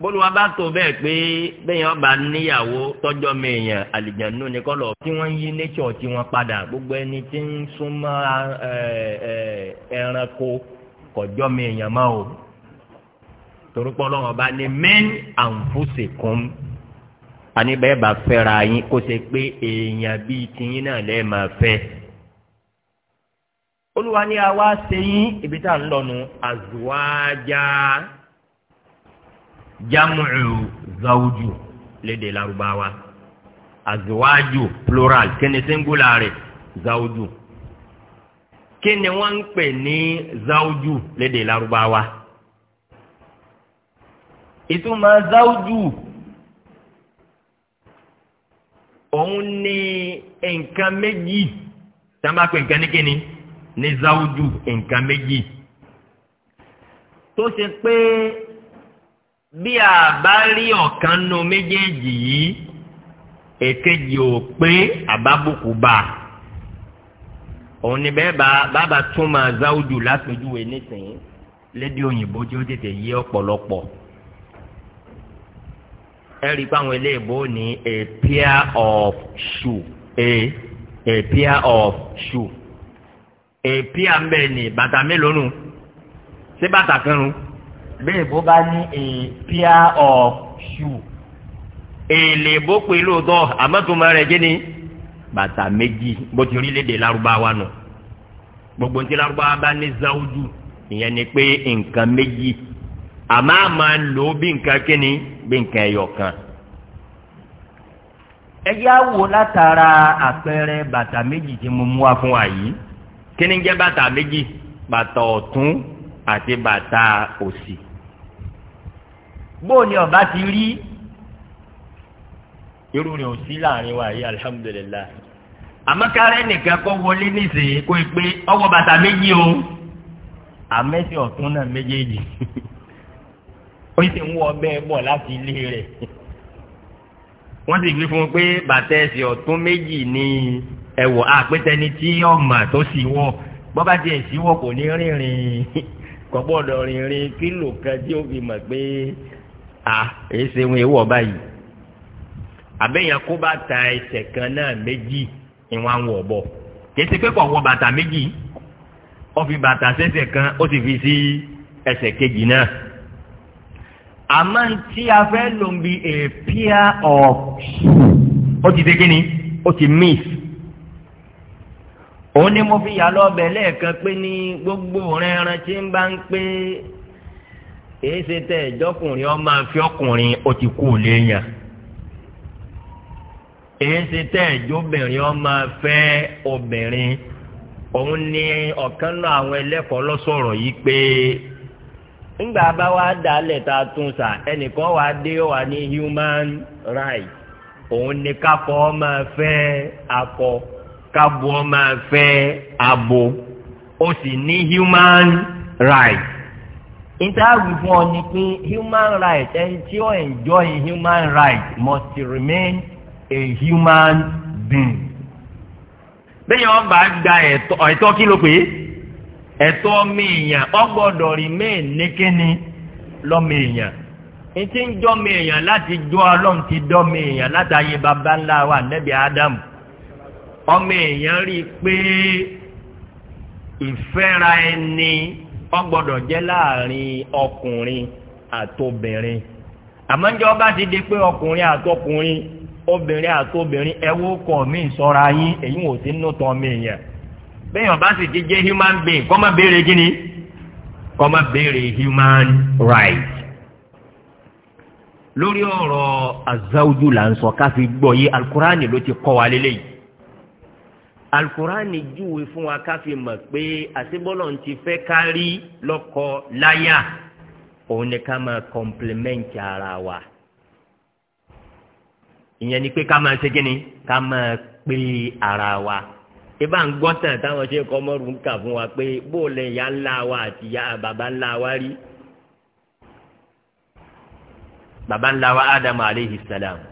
bólúwa bá tó bẹ́ẹ̀ pé bẹ́yàn bá níyàwó tọ́jọ́ mẹ́yàn àlìjànú ni kọ́ lọ tí wọ́n ń yí nature tí wọ́n padà gbogbo ẹni tí ń súnmọ́ ẹranko kọjọ́ mẹ́yàn máa o torúpọ̀ lọ́wọ́ bá ní men àǹfóṣèkún àníbẹ̀ bá fẹ́ra yín kó ṣe pé èèyàn bíi tiyín náà lẹ́ẹ̀ máa fẹ́ olúwa ni a wá ṣe yín ibi tá à ń lọ nu àzùwájá jamu'u zawju lédè Lárúbáwá azuwaju plural kíni singular rẹ̀ zawju kíni wọ́n ń pè ní zawju lédè Lárúbáwá ìtumọ̀ zawju òun ní nǹkan méjì sábà pé nǹkan ní kíni ní zawju nǹkan méjì tó ṣe pé bí a bá rí ọ̀kan nu méjèèjì yìí èkejì ò pé àbábùkù bá a òun ni bẹ́ẹ̀ bàbá tún máa záwùjù lápèjúwe nísìnyí lédi òyìnbó tí ó tètè yé ọ̀pọ̀lọpọ̀ ẹ rí i pé àwọn eléèbó ní a pair of shoe a a pair of shoe a pair mbẹ́ ni bàtà mélòó nù ṣé bàtà kan nù bẹ́ẹ̀ bó bá ní a pair of shoe èlé bó pe lóòótọ́ àmọ́tòmọ́ rẹ̀ jẹ́ ni bàtà méjì bó ti rí léde lárúbáwá nù gbogbo ntí lárúbáwá bá ní záwùjú ìyẹn ni pé nǹkan méjì àmọ́ àmọ́ lò ó bí nǹkan kíni bí nǹkan ẹ̀yọ̀ kan ẹyá wo látara àpẹẹrẹ bàtà méjì tí mo mú wá fún wa yìí kíni jẹ́ bàtà méjì bàtà ọ̀tún àti bàtà òsì bóò ni ọba ti rí irú rẹ̀ ò sí láàrin wa yìí alihamudulilayi àmọ́kárẹ́ nìkan kọ́ wọlé nísìnyí kó o e pé ọwọ́ bàtà méjì o àmẹ́sì ọ̀tún náà méjèèjì ó sì ń wọ ọbẹ̀ bọ̀ láti ilé rẹ̀ wọ́n sì wí fún un pé bàtà ẹsẹ̀ ọ̀tún méjì ni ẹ̀wọ̀ àpẹtẹni tí ọ̀mà tó sì wọ̀ bọ́bá tiẹ̀ sí wọ̀ kò ní rìnrìn kọ́gbọ́dọ̀ rìnrìn kílò kan tí ó fi mọ̀ pé à èyí ṣe wọn èwọ̀ báyìí àbẹ̀yàn kó bàtà ẹsẹ̀ kan náà méjì ìwọ̀n àwọn ọ̀bọ kìí ṣe pé kò wọ bàtà méjì ó fi bàtà sẹ́sẹ̀ kan ó sì fi sí ẹsẹ̀ kejì náà àmọ́ tí a fẹ́ lò ń bi a pair of ó ti dé kí ni ó ti miss òun ni mo fi yà lọ lẹ́ẹ̀kan pé ní gbogbo rẹ̀ ẹran tí ń bá ń pé. èyí ṣe tẹ ìjọkùnrin ọmọ àfi ọkùnrin ó ti kú léèyàn èyí ṣe tẹ ìjọbìnrin ọmọ afẹ́ obìnrin òun ni ọ̀kan náà àwọn ẹlẹ́kọ̀ọ́ lọ́sọ̀rọ̀ yìí pé ńgbà bá wá dálẹ̀ tá a tún sà ẹnìkan wá dé wà ní human right òun ni kakọ ọmọ fe akọ kabo ọmọ fe abo ó sì ní human right. interview fún ọ ni pé human rights ẹni tí ó enjoy human rights must remain a human being. bẹ́ẹ̀ wọ́n bá gba ẹ̀tọ́ kí ló pé ẹ̀tọ́ mi èèyàn ó remain níkíní lọ́mọ èèyàn ntí ń dọ́mi èèyàn láti jọ́ ọlọ́run ti dọ́mi èèyàn látàyè baba ńlá wa nẹ́bí adam ọmọ èèyàn rí i pé ìfẹ́ra ẹni wọ́n gbọ́dọ̀ jẹ́ láàrin ọkùnrin àtobìnrin àmọ́ njẹ́ ọba ti di pé ọkùnrin àtọkùnrin obìnrin àtobìnrin ẹ̀wọ́ kọ̀ mí sọ́ra yín èyí wò sí nù tán mi yẹn bẹ́ẹ̀ ọba sì ti jẹ́ human being kọ́ má béèrè kí ni kọ́ má béèrè human right lórí ọ̀rọ̀ azawujú là ń sọ káfí gbọ́ yé alukurani ló ti kọ́ wa lélẹ́yìí alukurani júwe fún wa ká fi mọ̀ pé àṣebọ́lọ̀ ń ti fẹ́ kárí lọ́kọ láyà òun ni ká máa kọ́mplimẹ́ǹtì ara wa ìyẹn ni pé ká máa ṣe kíni ká máa pé ara wa ibà ń gbọ́ tàn táwọn ṣe kọ́ mọ́rù ń kà fún wa pé bó lè ya ńlá wa àti ya bàbá ńlá wa rí bàbá ńlá wa ádámù aleyhi sàlámù.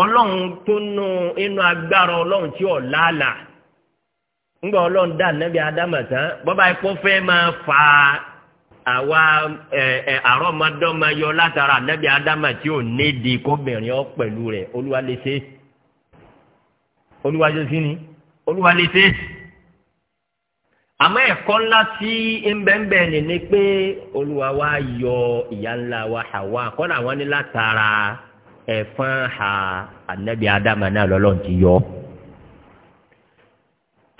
ọlọ́run tó nu inú agbára ọlọ́run tí ò láàlà ńgbà ọlọ́run dá nàbí ádámà tán bọ́bá ikọ́ fẹ́ máa fa àwa àrọ́mọdọ́mọ yọ látara nàbí ádámà tí ò nídìí kóbìnrin ọ pẹ̀lú rẹ̀ olúwa lè ṣe olúwa lè ṣe ni olúwa lè àmọ́ ẹ̀kọ́ ńlá tí ńbẹ́ńbẹ́ ni ni pé olúwa wa yọ ìyá ńlá wa Hawa kọ́ làwọn ní látara. La ẹ̀fọn ha ànábì ádámà náà lọ́lọ́run ti yọ.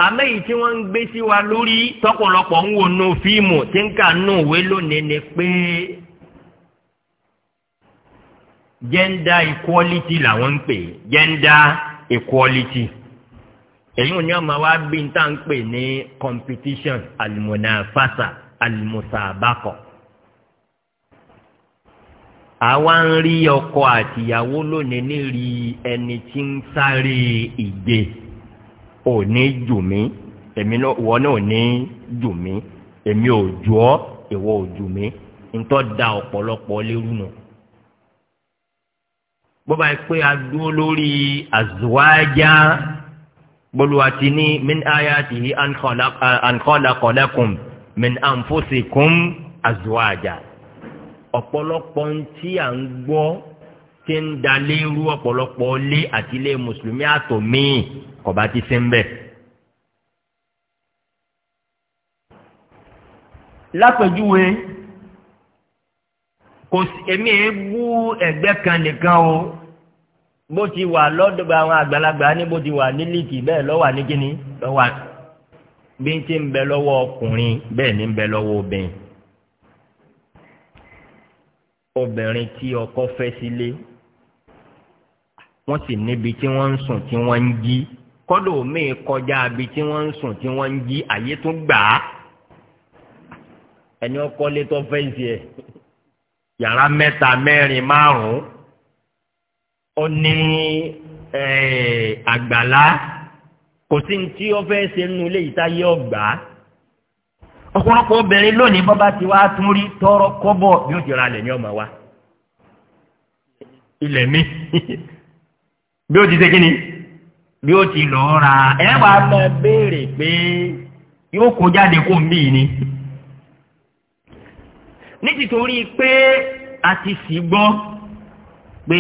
àmẹ́yìí tí wọ́n ń gbé sí wa lórí tọ́pọ̀lọpọ̀ ń wò nù fíìmù tí ń kà nù wé lónìí ni pé gender equality làwọn ń pè gender equality èyí ò ní ọmọ wa bí n tá ń pè ní competition alimunafasa alimusabakọ àwa ń rí ọkọ àtìyàwó lónìí ní rí ẹni tí ń sáré ìgbé ò ní jù mí èmi náà wọ́n náà ò ní jù mí èmi ò jù ọ́ ìwọ ò jù mí ntọ́ da ọ̀pọ̀lọpọ̀ lérú nù. bó bá yẹ pé a dúró lórí àzùwájá bólúwàtí ní min ayatihi an khalaqa min anfusikum àzùwájá ọ̀pọ̀lọpọ̀ ń tí à ń gbọ́ tí ń da léru ọ̀pọ̀lọpọ̀ lé àti ilé mùsùlùmí àtòmíì kọ̀bá ti sí ń bẹ̀. lápẹjúwe kò èmi ẹ bú ẹgbẹ́ kan nìkan o bó ti wà lọ́dọ̀ àwọn àgbàlagbà ní bó ti wà ní líìkì bẹ́ẹ̀ lọ́wọ́ àníkíní lọ́wọ́ bí ń ti ń bẹ lọ́wọ́ ọkùnrin bẹ́ẹ̀ ni ń bẹ lọ́wọ́ obìnrin obìnrin tí ọkọ fẹ́ sílé wọ́n sì níbi tí wọ́n ń sùn tí wọ́n ń jí kọ́dọ̀ míì kọjá ibi tí wọ́n ń sùn tí wọ́n ń jí àyè tún gbà á ẹni ọkọ lé tó fẹ́ ṣe ẹ̀ yàrá mẹ́ta mẹ́rin márùn ó ní àgbàlá kò sí ní tí ó fẹ́ ṣe nínú ilé yìí táyé ọgbà á ọ̀pọ̀lọpọ̀ obìnrin lónìí bọ́ bá ti wá tún rí tọrọ kọ́bọ̀ bí ó jẹra lẹ̀ ní ọmọ wa ilẹ̀ mi [laughs] bí ó ti ṣe kíni bí ó ti lọ ra ẹ wà á máa béèrè pé yóò kó jáde kó ń bì ní. ní tìtorí pé a ti sì gbọ́ pé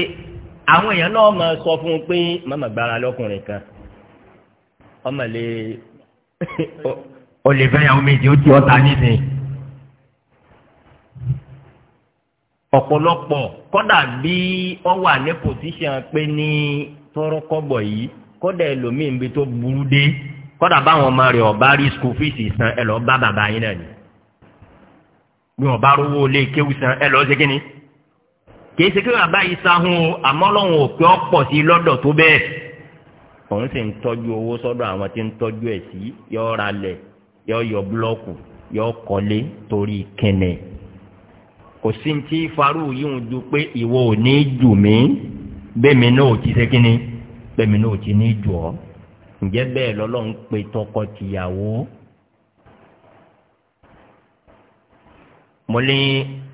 àwọn èèyàn náà máa sọ fún un pé màmá gbára lọ́kùnrin kan ọmọ lè. [laughs] o le fẹ́ yàwó méjì ó ti ọ̀tá ọpọlọpọ ọ̀pọ̀lọpọ̀ kọ́dà bí ọ wà ní pòtíṣàn pé ní tọrọkọ́bọ̀ yìí kọ́dà ẹlòmíín bí tó burú dé kọ́dà báwọn ọmọ rẹ̀ ọba rí skul fíìsì san ẹ lọ bá bàbá yín náà ni bí ọba rówó lé kéwù san ẹ lọ ṣe kí ni kì í ṣe kí bàbá yìí o àmọ́ lọ́hùn òpin ọ̀pọ̀ sí lọ́dọ̀ tó bẹ́ẹ̀ òun sì ń tọ́jú owó sọ́dọ̀ àwọn tí ń tọ́jú ẹ̀ sí yọ́ọ́ra lẹ̀ yọ yọ búlọ́ọ̀kù yọ kọ́lé torí kẹnẹ kò sí ti farú yíwọ̀n ju pé ìwọ ò ní jù mí bẹ́ẹ̀mi náà ò ti ṣe bẹ́ẹ̀mi náà ò ti ní jù ọ́ ǹjẹ́ bẹ́ẹ̀ lọ́lọ́run pe tọkọ-tìyàwó. mo ní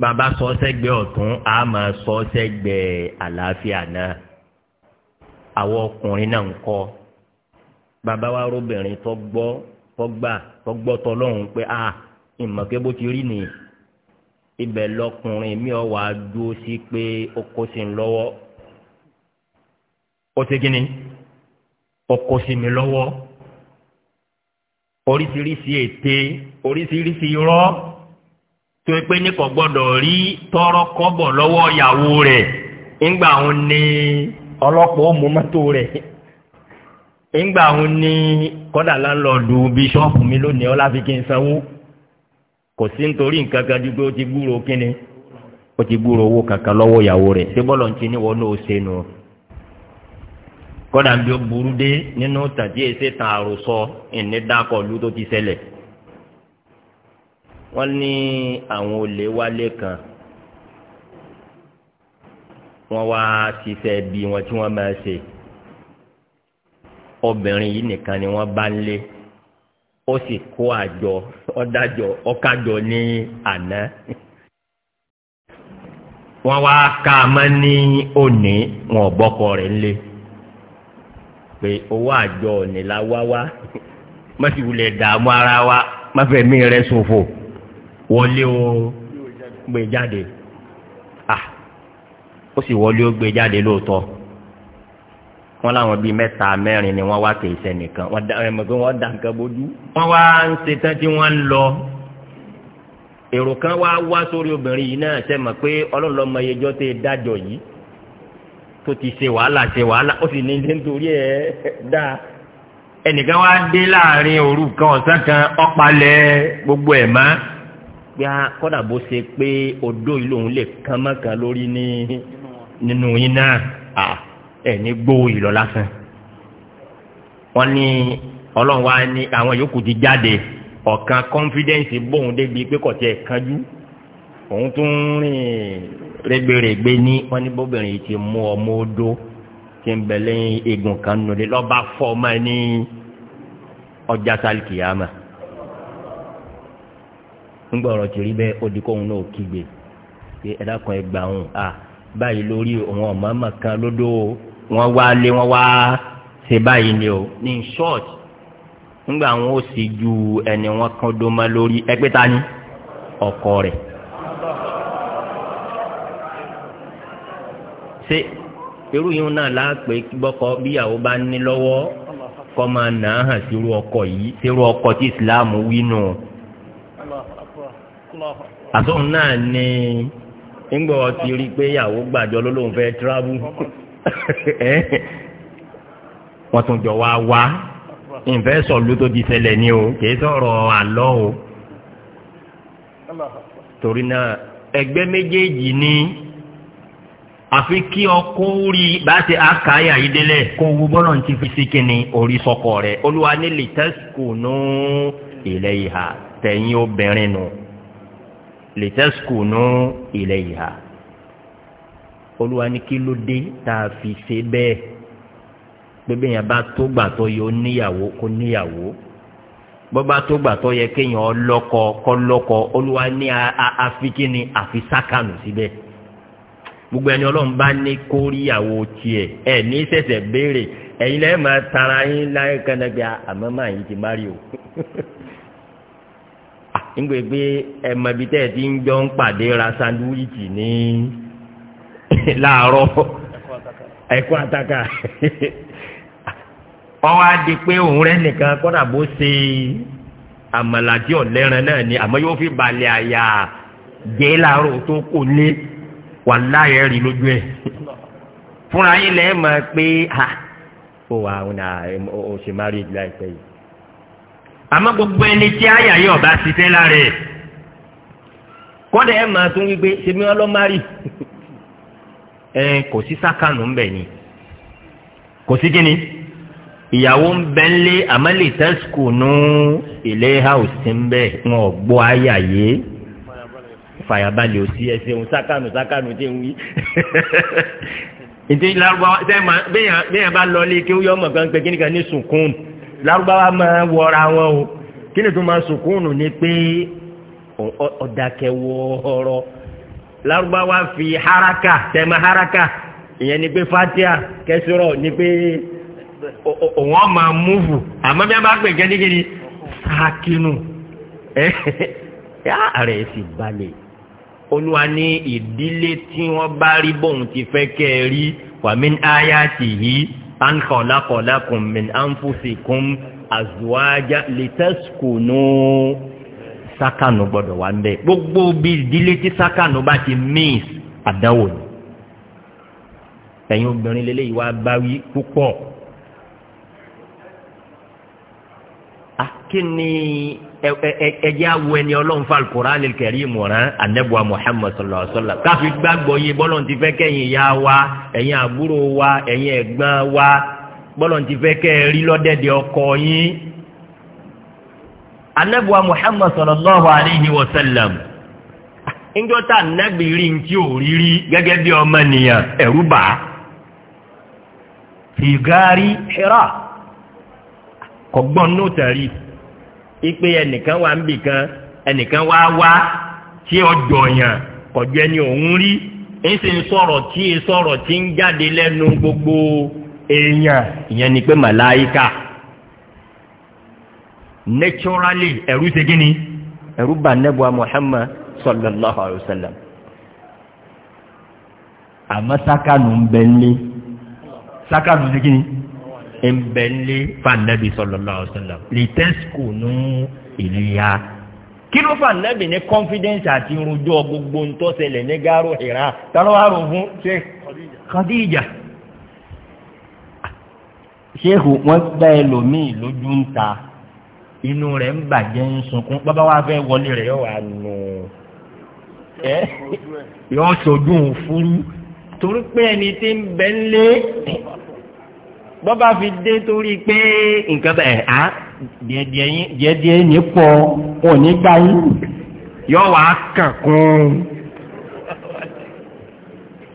bàbá sọ kọgbà kọgbọtọ lọhùn pé a ìmọ̀kẹ́ bó ti rí ni ibẹ̀ lọkùnrin mi ò wá dúró sí pé ó kó sí ń lọ́wọ́ ó ti gíní ó kó sí mi lọ́wọ́ oríṣiríṣi ète oríṣiríṣi irọ́ tó pé ní gbọ́dọ̀ rí tọrọ kọ́bọ̀ lọ́wọ́ ìyàwó rẹ̀ ńgbà òun ni ọlọ́pàá ó mú mọ́tò rẹ̀ ìgbà òun ní kọ́dà láńlọ́ọ̀dù bíṣọ́ọ̀pù mi lónìí ọlá fi kí n sanwó kò sí nítorí nǹkan ti gbúrò kíni ó ti gbúrò owó kankan lọ́wọ́ ìyàwó rẹ̀ ṣé bọ́lọ̀ ń ti ní o ose nù. kọ́dà ń bí ó burú dé nínú tàbí èsè tàn àròsọ ti ṣẹlẹ̀. wọ́n ní àwọn olè wálé kan wọ́n wá ṣiṣẹ́ bí wọn tí wọ́n máa ṣe. obìnrin yìí nìkan ni wọ́n bá ń lé ó sì kó àjọ ọ̀dájọ ọ̀kájọ ní àná wọ́n wá ká a ní òní wọn ò bọ́kọ rẹ̀ pé owó àjọ òní la wá wá ara wa má fẹ́ mí rẹ̀ ṣòfò wọn làwọn bíi mẹ́ta mẹ́rin ni wọn wá kì í ṣe nìkan wọn da ẹ mọ̀ pé wọn da nǹkan bójú. wọn wá ń ṣetán tí wọn ń lọ èrò kan wá wá sórí obìnrin yìí náà ṣe mọ̀ pé ọlọ́run lọ́mọ ẹjọ́ tẹ dájọ́ yìí tó ti ṣe wàhálà ṣe wàhálà ó sì ní ní nítorí ẹ dáa ẹnìkan wá dé láàrin òru kan ọ̀sán kan ọ̀pálẹ̀ gbogbo ẹ̀ mọ́ pé kọ́dà bó ṣe pé odó yìí lòun lè kán mọ́kàn lórí ní nínú yín náà. ẹni ní gbówó ìlọ lásán ọlọwa ní wa ní àwọn yòókù ti jáde ọ̀kan confidence bóun débi pé kò tiẹ̀ kanjú òun tún rìn rẹgbẹrẹgbẹ ní wọn ní bóbìnrin yìí ti mú ọmọ odó ti ń bẹ̀lẹ́ egun kan nulẹ̀ lọ́ba fọ́ ọmọ ní ọjà sálìkìyàmà ti rí náà kígbe pé kan à báyìí wọ́n wá lé wọ́n wá ṣe báyìí ni o ní short nígbà wọn ò sì ju ẹni wọn kan dó lórí ẹgbẹ́ ta ni ọkọ rẹ̀. ṣé irú yìí náà láàpẹ bọ́kọ bíyàwó bá ní lọ́wọ́ kọ́ máa nà á hàn sírú ọkọ yìí sírú ọkọ tí Islam wí nù. àtúntò náà ni ńgbọ́ ti rí i pé ìyàwó gbàjọ́ ló lóun fẹ́ tíráàbù. [laughs] Eh? wọ́n tún jọ wá wá ìfẹ́sọ̀ ló tó di ṣẹlẹ̀ ni o kì í sọ̀rọ̀ àlọ́ o torí náà ẹgbẹ́ méjèèjì ni àfi kí ọkọ orí bá ti àkàyà yìí délẹ̀ kó owó bọ́lọ̀ ti fi sí kíni orí sọkọ rẹ̀ olúwa ní lìtẹ́sìkò nù ilẹ̀ ìhà tẹ̀yìn obìnrin nù lìtẹ́sìkò nù ilẹ̀ ìhà. olúwa ní kí ló dé tá a fi ṣe bẹ́ẹ̀ gbogbo èèyàn bá tó gbà tó yẹ ó níyàwó kó níyàwó bọ́bá tó gbà tó yẹ kéèyàn ọlọ́kọ kọ́ lọ́kọ olúwa ní àfikíni àfi sákànù síbẹ̀ gbogbo ẹni ọlọ́run bá ní kóríyàwó tiẹ̀ ẹ̀ ní sẹ̀sẹ̀ béèrè ẹ̀yin lẹ́yìn máa tara yín láyé kánnágbé ah, àmọ́ máa yín ti má rí o [laughs] ah, nígbà pé ẹ̀mọ̀bí tẹ̀ ti ń jọ ń pàdé ra sandiwìtì ní. Ni [laughs] láàárọ̀ ẹ̀kọ́ àtàkà ọwọ́ [laughs] adi pé òun rẹ nìkan kọ́dà bó ṣe àmàlàdí ọ̀lẹ́ran náà ni àmọ́ yóò fi balẹ̀ àyà jẹ́ láàárọ̀ tó kò lé wà láyé rí lójú ẹ̀ [laughs] fúnra yín lẹ́ẹ̀ mọ̀ pé ha ó wà ó ṣe má rí ìdílé àìpẹ́ yìí àmọ́ gbogbo ẹni tí àyà yìí ọ̀bá ṣiṣẹ́ lára ẹ̀ kọ́dà ẹ̀ máa tún wípé ṣe mi ọlọ́márì ẹ kò sí sákànù ń bẹ̀ ni kò sí kíni ìyàwó ń bẹ ńlé àmọ́lì tẹ́sùkù nù ilé haùsì ń bẹ̀ wọn ò gbọ́ àyà yé fàyàbalẹ̀ òsì ẹsẹ̀ òun sákànù sákànù tí ń wí [laughs] ìdí Lárúbáwá sẹ́ẹ̀mà bẹ́ẹ̀ bá lọ lé kí ó yọ ọmọ kan pé kíníkan ní sùkúùn Lárúbáwá máa wọra wọn o kí ni máa sùkúùn ni pé ọ̀dàkẹ́wọ́ ọ̀rọ̀ lárúbáwá fi haraka tẹ̀mọ haraka ìyẹn ni pé fatia kẹsìrọ ni pé òun máa múvù àmọ́ bí wọ́n bá pè gẹ́gẹ́gẹ́ni sakinu [laughs] yá rẹ̀ sì balẹ̀ olúwa ní ìdílé tí wọ́n bá rí bóun ti fẹ́ kẹ́ ẹ rí wàmín ayatihi an khalaqalakum min anfusikum azwaja litaskunu sákànù gbọ́dọ̀ wà ń bẹ̀ gbogbo bí ìdílé tí sákànù bá ti mìs àdánwò ni ẹ̀yin obìnrin lélẹ́yìí wá bá wí púpọ̀ akínní ẹ̀jẹ̀ awo ẹni ọlọ́run fa alukoran kẹrí ìmọ̀ràn anabuwa muhammad sallallahu alaihi wa sallam káfí gbàgbọ́ yìí bọ́lọ̀ ti fẹ́ kẹ́yìn ìyá wa ẹ̀yin àbúrò wa ẹ̀yin ẹ̀gbọ́n wa bọ́lọ̀ ti fẹ́ kẹ́ rí lọ́dẹ̀dẹ̀ ọkọ yín. anabuwa muhammad sallallahu alayhi wa sallam njọ ta anabi rí ntí ò rí rí gẹ́gẹ́ bí ọmọ nìyàn ẹ̀rú bá fìgárì hira kọ̀gbọ́n nóòtà rí ipe ẹnìkan wà ń bì kan ẹnìkan wá wá tí ọjọ́ yàn kọjọ́ ẹni òun rí ń sọ̀rọ̀ tí sọ̀rọ̀ tí ń jáde lẹ́nu gbogbo èèyàn ìyẹn ni pé naturally ẹ̀rú ṣe gíní ẹ̀rú bà nẹ́bùa muhammad sallallahu alayhi wa sallam àmọ́ sákànù ń bẹ nílé sákànù ṣe gíní ń bẹ nílé sallallahu alayhi wa sallam lìtẹ́sìkò ní ìlúya kí ló fà nẹ́bì ní confidence àti rojọ́ gbogbo ń tọ́sẹ̀lẹ̀ ní gáró ìrà tálọ́wárò fún ṣe kọ́díjà ṣéèkù wọ́n gbá ẹlòmíì lójú ń ta inú rẹ̀ ń bàjẹ́ ń sunkún bàbá wa fẹ́ wọlé rẹ̀ yóò wà nù ẹ́ yóò ṣojú òfurú torí pé ẹni tí ń bẹ ń lé bọ́bá fi dé torí pé nǹkan bẹ̀ á díẹ̀díẹ̀ ní pọ̀ òní gbá yín yóò wà kàn kún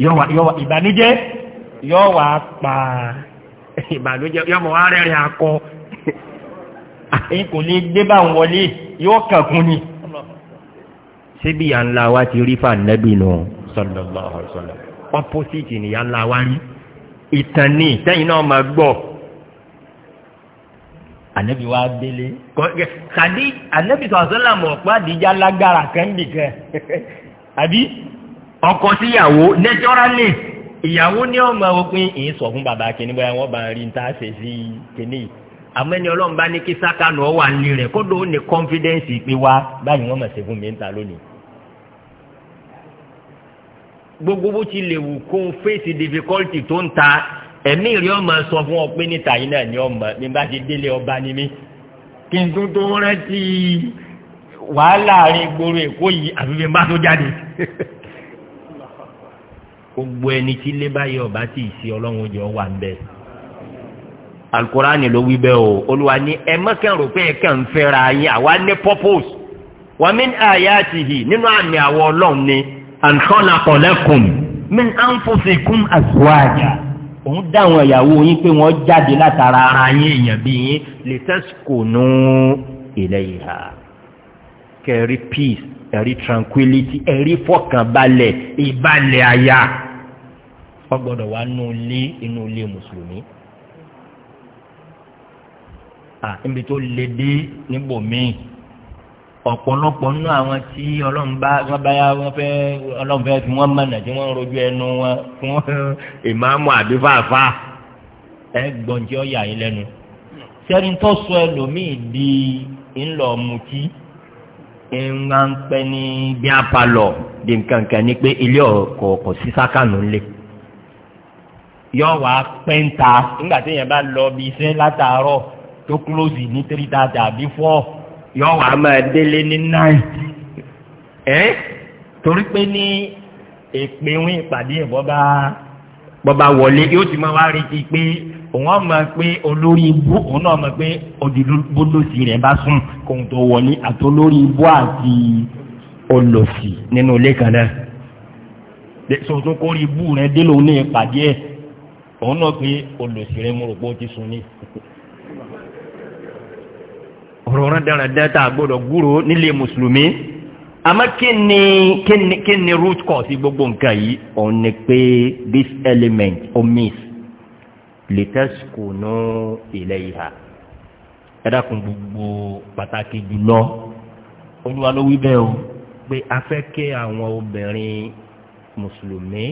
yóò wà ìbànújẹ́ yóò wà pa ìbànújẹ́ yóò mọ̀ wá rẹ́rìn akọ àyín kò lè dé bá ń wọlé yóò kàkún ni. síbi ìyá ńlá wa ti rí fànẹ́bì nù sọlọ́lọ́ ọ̀sọ̀lọ́ ọ́pọ́sìtì ni ìyá ńlá wa rí ìtàn ní ìtẹ́yìn náà máa gbọ́ anabi wa délé kàdí anabi sọ̀sọ́là mọ̀ pé àdìjà lágbára kẹ́ńdì kẹ́ [laughs] àbí ọkọ síyàwó nẹ́tọ́rálì ìyàwó ní ọmọ òpin ìyẹn sọ fún bàbá kìnìún bóyá wọ́n bá ń rí ní tá a ṣe sí kìnìún àmọ́ ẹni ọlọ́run bá ní kí sákànù ọ wà nílé rẹ̀ kódò ó ní confidence pé wá báyìí wọ́n mọ̀ sí fún mi ń ta lónìí. gbogbo bó ti lè wù kó o face difficulty tó ń ta ẹ̀mí rí ọmọ sọ fún ọ pé níta yìí náà ni ọmọ mi bá ti délé ọba ni mí kí n tó tó rántí wàhálà rẹ gbòòrò èkó yìí àfi fi bá tó jáde. [laughs] gbogbo ẹni tí lé báyìí ọba tí ì alukurani ló wí bẹ́ẹ̀ o olùwà ni ẹ mọ́kàn rò pé ẹ kàn fẹ́ra yín àwa ní purpose wa min ayatihi nínú àmì àwọ̀ ọlọ́run ni an khalaqa lakum min anfusikum azwaja òun dá àwọn yín pé wọ́n jáde látara ara yín èèyàn bí yín litaskunu ilayha kẹrí peace ẹ̀rí tranquility ẹ̀rí fọkànbalẹ̀ ìbalẹ̀ àyà ó gbọ́dọ̀ wà nínú ilé inú ilé mùsùlùmí níbi tó le dé níbòmíì ọ̀pọ̀lọpọ̀ nínú àwọn tí ọlọ́run bá wọ́n bá yá wọ́n fẹ́ ọlọ́run fẹ́ fi wọ́n mọ̀nà tí wọ́n ń rojú ẹnu wọn fún [laughs] ìmáàmù àbí fàáfà ẹ gbọ́n tí ó yà yín lẹ́nu. sẹ́ni tó sọ ẹlòmíì di ńlọ mutí ńlá pẹ́ ní bí a di nkankan ni pé ilé ọkọ̀ sí sákànù ńlẹ̀ yọ wá pẹ́ńta nígbà tí yẹn bá lọ bí iṣẹ́ látàárọ̀ tó kúlóòsì ní three thirty àbí four yọ wà á máa délé ní nine ẹ torí pé ní èpè wọn ìpàdé ẹ bọba bọba wọlé yóò ti máa wá retí pé òun ọmọ pé olórí ibú òun náà mọ pé òdìbòlòsì rẹ bá sùn kóun tó wọlé àti olórí ibú àti olòsì nínú ilé kan náà sọtún kórìí ibú rẹ délé òun ní ìpàdé ẹ òun náà pé olòsì rẹ mo rò pé ó ti sùn ní ọ̀rọ̀ ọ̀rọ̀ data dáta àgbọ̀dọ̀ gúrò nílé mùsùlùmí àmọ́ kí ni kí ni kí ni root cause gbogbo nǹkan yìí òun pé this element omis litaskunu ilayha ẹ dákun gbogbo pàtàkì jùlọ olúwa bẹ́ẹ̀ o pé a fẹ́ kí àwọn obìnrin mùsùlùmí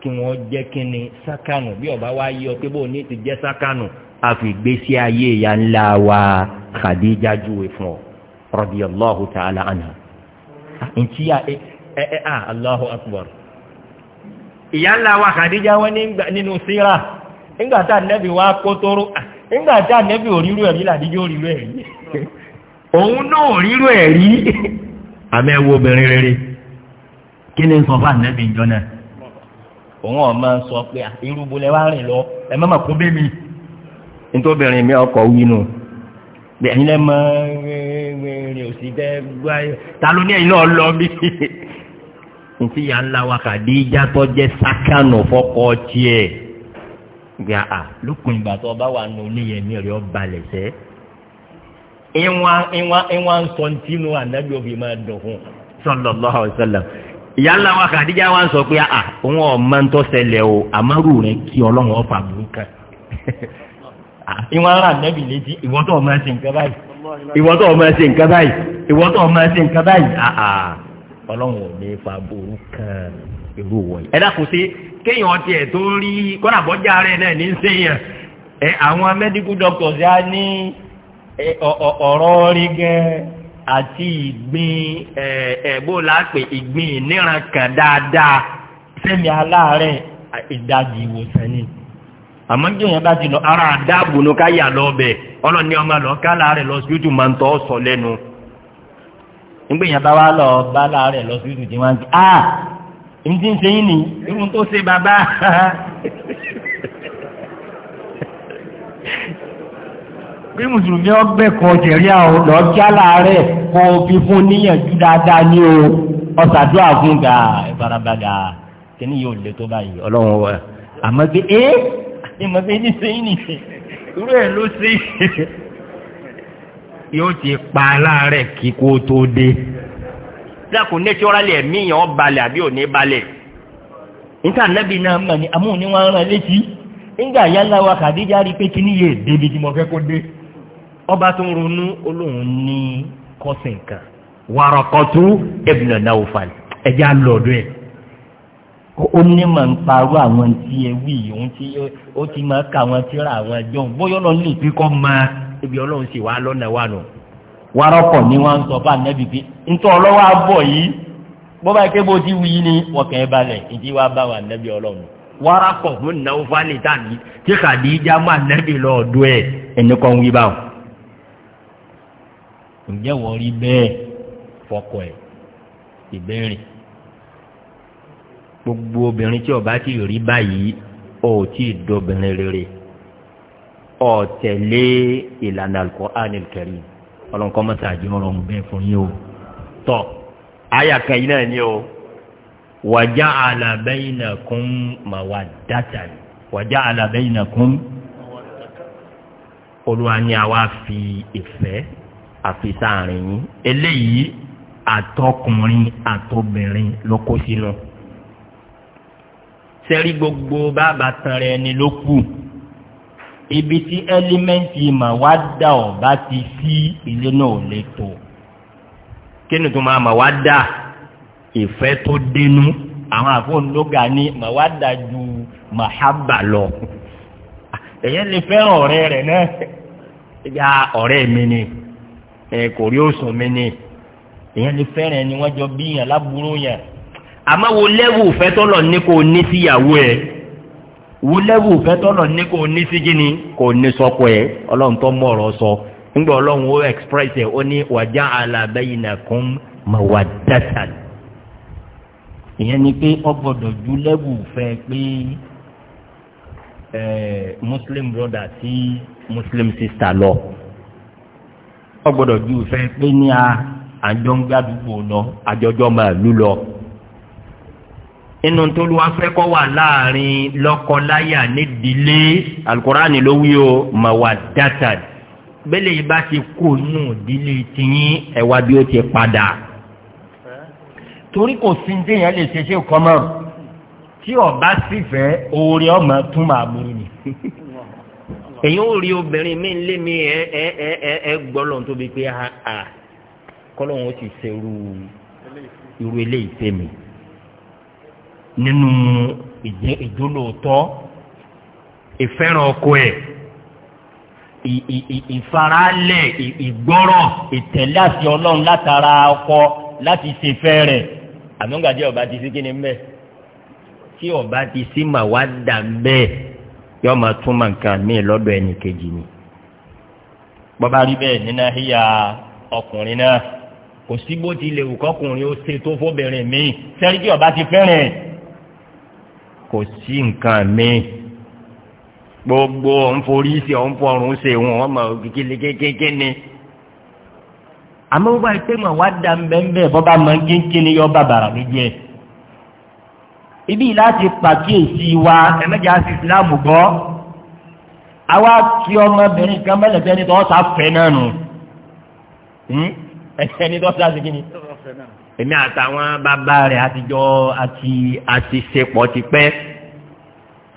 kí wọ́n jẹ́ kí ni sákànù bí ọba wa yí ọ pé bóun ní ti jẹ́ sákànù a fi gbèsè ayé ìyá ńlá wa khadija júwe fún ọ rọbì allahu ta'ala anha ntí ya ẹ ẹ ah allahu akbar ìyá ńlá wa khadija wọn nínú síra nígbà tá nẹ́bí wa kótóró ah, nígbà tá nẹ́bí òrírú ẹ̀rí làdíjọ́ òrírú ẹ̀rí [laughs] òun náà rírú ẹ̀ rí [laughs] àmẹ́wò obìnrin rere kí ni sọ fún ìjọ náà òun ọ̀ máa sọ pé ah, irú bolẹ̀ wá rìn lọ ẹ má má kó bẹ́ẹ̀ mi nítòbìnrin mi ọkọ̀ wínú ẹ̀yin lẹ́ mọ́ rìn òsì tẹ́ gbá ta ló ní ẹ̀yin náà lọ bí ntí ya ńlá wa Khadija tó jẹ́ sákànù fọ́kọ tiẹ̀ gbà á lókun ìgbà tó ọba wà nù oníyẹmí rẹ̀ ọ balẹ̀ sẹ́ ìwà ìwà ìwà ń sọ ntínú ànábì òfin máa dùn fún sallallahu alaihi wasallam wa kàdíjà wa ń sọ pé à òun ń tọ́ sẹlẹ̀ o àmọ́ rú kí ọlọ́run ọ̀fà burúkú [laughs] ìwọ́n ara nẹ́bì létí ìwọ́n tó ọmọ ẹsẹ̀ nǹkan báyìí ìwọ́n tó ọmọ ẹsẹ̀ nǹkan báyìí ìwọ́n tó ọmọ ẹsẹ̀ nǹkan báyìí àà ọlọ́run ò ní fa ború kan irú wọ̀nyí. ẹ dákun sí kéèyàn tiẹ̀ tó rí kọ́nà àbọ̀já rẹ̀ náà ní sẹ́yìn ẹ àwọn medical doctors á ní ọ̀rọ̀ rí gẹ́ àti ìgbín ẹ̀bó lápè ìgbín ìníran kan dáadáa sẹ́mi aláàárẹ̀ ìdajì ìwòsàn ni àmọ́ ní ìyẹn bá ti lọ ara àdáàbò ní ká yà lọ bẹ̀ ọlọ́ni ọmọ lọ ká láàárẹ̀ lọ sí ojú máa ń tọ́ sọ lẹ́nu nígbà yẹn bá wá lọ bá láàárẹ̀ lọ sí ojú tí wọ́n ah, ti á èmi ń ṣe ni irun tó ṣe bàbá [laughs] bí mùsùlùmí ọgbẹ́ kan jẹ̀ríà ò lọ já láàárẹ̀ kó o fi fún níyànjú dáadáa ní o ọ̀sàdúrà fún gà ìfarabalẹ̀ kí ni yóò le tó báyìí ọlọ́run wọ̀ àmọ́ pé ẹ́ ìmọ̀sẹ̀ ní sẹ́yìn nìṣẹ́ e ẹ̀ ló ṣe yóò ti pa aláàárẹ̀ kí kó tó dé dákun nẹ́tírọ́lì ẹ̀mí yẹn ọ balẹ̀ àbí ò ní balẹ̀ níta ní ni wọ́n rán létí nígbà yálà wa kàdíjà rí pé kíní yé débi tí mo fẹ́ kó dé ọba tó ń ronú olóhùn ní kọ́sìn ó ní màá ń parọ́ àwọn tí ẹ wí òun tí ó ti máa ka àwọn tíra àwọn ẹjọ́ bóyá ọlọ́run ní ìpínkọ́ máa ibi ọlọ́run sì wá lọ́nà wà nù warọ́pọ̀ ni wọ́n ń sọ fún anabi pé ntọ́ ọlọ́wọ́ abọ̀ yìí bọ́bá ike bó ti wí ni wọ́kẹ́ ẹ balẹ̀ ìdí wa bá wa anabi ọlọ́run warọ́pọ̀ fún náwó fani tàbí tí kàdí ìjà mọ́ anabi lọ́ọ̀dọ́ ẹ̀ ẹni kan wí báwọn. ǹjẹ́ gbogbo obìnrin tí ọba ti rí báyìí ọ ò tí ì dobìnrin rere ọ tẹ̀lé ìlànà Al-Qur'an Al-Karim ọlọ́nkọ́ mọ́sàájì ọ̀rọ̀ ọ̀hún bẹ́ẹ̀ fún yín o tọ́ àyà kan yìí náà ni o wa ja'ala bainakum mawaddatan wa ja'ala bainakum olúwa ni àwa fi ìfẹ́ àfi sáàrin yín eléyìí àtọkùnrin àtobìnrin ló kó sínú. No sẹ́rí gbogbo bàbá tan rẹ̀ ni ló kù ibi tí ẹ́límẹ́ǹtì ìmọ̀ wá dà ọ̀ bá ti sí ilé náà lè tò kí ni tó máa mọ̀ wá dà ìfẹ́ tó dénú àwọn àfọ̀nlógà ni mọ̀ wá dà ju màhábà lọ èyàn lè fẹ́ràn ọ̀rẹ́ rẹ̀ náà ya ọ̀rẹ́ mi ni ẹ kò rí òsùn mi ni èyàn lè fẹ́ràn ẹni wọ́n jọ bí yàn lábúrú yàn àmọ́ wo lẹ́wù fẹ́tọ́lọ̀ ní kò ní síyàwó ẹ̀ wo lẹ́wù fẹ́tọ́lọ̀ ní kò ní sí gíní kò ní sọ́kọ̀ ẹ̀ ọlọ́run tó mọ̀ ọ̀rọ̀ sọ ńgbà ọlọ́run ó express ẹ̀ ó ní wàjá alábẹ́yìnà kún mawadatan ìyẹn ni pé ọ gbọ́dọ̀ ju lẹ́wù fẹ́ pé muslim brother sí muslim sister lọ ọ gbọ́dọ̀ ju fẹ́ pé ní àjọ ń gbàdúgbò lọ àjọjọ́ máa lú lọ inú tolúwa fẹ́ kọ́ wà láàrin lọ́kọ-láyà nídìílé alukurani ló wí o mà wà dátà bẹ́lẹ̀ yìí bá ti kó inú ìdílé tiyín ẹ̀wà bí ó ti padà torí kò sí téèyàn lè ṣe ṣe kọ́mọ́ tí ọba sì fẹ́ oore ọmọ tún máa mú ni [laughs] èyí ò rí obìnrin mi lé mi ẹ ẹ ẹ ẹ ẹ gbọ́lọ̀ tó bi pé a ah, ah, kọ́lọ́hún ó ti ṣerú irú eléyìí tèmi nínú ìjólóòtọ́ ìfẹ́ràn ọkọ ẹ̀ ìfaralẹ̀ ìgbọ́rọ̀ ìtẹ̀lé àti ọlọ́run látara ọkọ láti ṣe fẹ́ rẹ̀ àmúgbàdé ọba ti sí kíni mbẹ tí ọba ti sí mà wá dà mbẹ yóò máa túmọ̀ nǹkan míì lọ́dọ̀ ẹnì kejì ni bọ́bá rí bẹ́ẹ̀ nínú híya ọkùnrin náà kò sí bó ti lè wù kọ́kùnrin ó ṣe tó fóbìnrin míì sẹ́ríkì ọba ti fẹ́ràn ẹ̀ kò sí nǹkan míì gbogbo ọ̀n forí sí ọ̀n fọrùn ṣe wọn ọmọ kékeré kékeré ni àmọ́ wọ́n bá yẹ pé mọ̀ wá da mbẹ́mbẹ́ bọ́ bá máa ń kéńké ni yọ bàbàrà lójú ẹ̀ ibi láti pàkíyèsí wa ẹ̀mẹ́jà sí ìsìláàmù gbọ́ àwa kí ọmọbìnrin kan mẹ́lẹ̀ fẹ́ ni tọ́ sá fẹ́ náà nù hmm? ẹni tọ́ sá sí kí ni èmi àtàwọn bàbá rẹ̀ àtijọ́ àti àtisepọ̀ ti pẹ́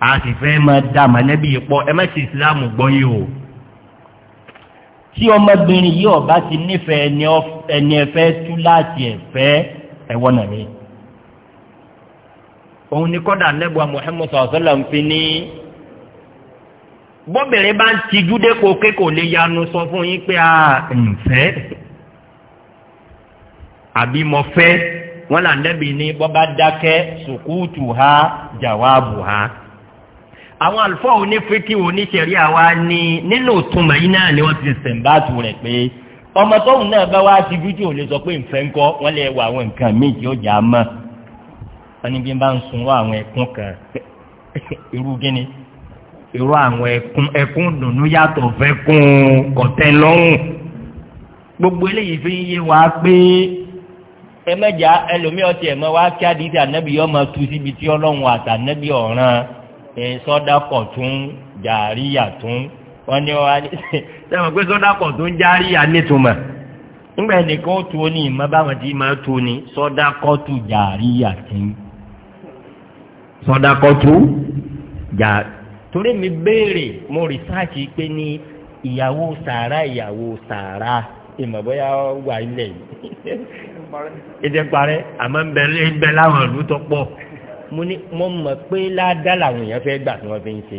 a sì fẹ́ máa dá mọ̀lẹ́bí pọ̀ ẹ má ṣe ìsìláàmù gbọ́ yìí o tí ọmọbìnrin yìí ọba ti nífẹ̀ẹ́ ẹni ẹ̀fẹ́ tú láti ẹ̀fẹ́ ẹ̀wọ́n náà ni òun ni kọ́dà nẹ́bùa Muhammad sọ̀sọ́lá ń fi ní bọ́bìnrin bá ń tijú dépò kékòó lè yanu sọ fún yín pé a ah, ǹfẹ́ àbí mo fẹ́ wọ́n là nẹ́bì ní bọ́bá dákẹ́ sùkúùtù ha jàwáàbù ha àwọn àlùfọ́ onífíkì oníṣẹ̀rí àwa ni nínú ìtumọ̀ yìí náà ni wọ́n ti sẹ̀ǹbáàtù rẹ̀ pé ọmọ tóun náà bá wá ti fídíò ò lè sọ pé ìfẹ́ ńkọ́ wọ́n lè wọ àwọn nǹkan míì tí ó jà á mọ̀ wọ́n ní bí n bá ń sun àwọn ẹkún kan irú gíní irú àwọn ẹkún ẹkún dùnú yàtọ̀ fẹ́ kún kọ̀tẹ́ lọ́rùn gbogbo eléyìí fi ń yé wa pé ẹmẹjà ẹlòmí ọtí ẹmọ wa kí adìsí anabi yọ ma tu síbi tí ọlọ́run àti anabi ọ̀ràn sọdakọ tún jàríyà tún wọn ni wọn ni [laughs] sẹwọn pé sọdakọ tún ní báwọn tí máa sọdakọ jàríyà tún sọdakọ torí mi béèrè mo pé ní ìyàwó sàrà ìyàwó sàrà ìmọ̀ bóyá wà ilẹ̀ yìí. [laughs] ètè parẹ́ àmọ́ ń bẹ láwọn ìlú tó pọ̀ mo ní mo mọ̀ pé ládàá làwọn èèyàn fẹ́ gbà tí wọ́n fi ń ṣe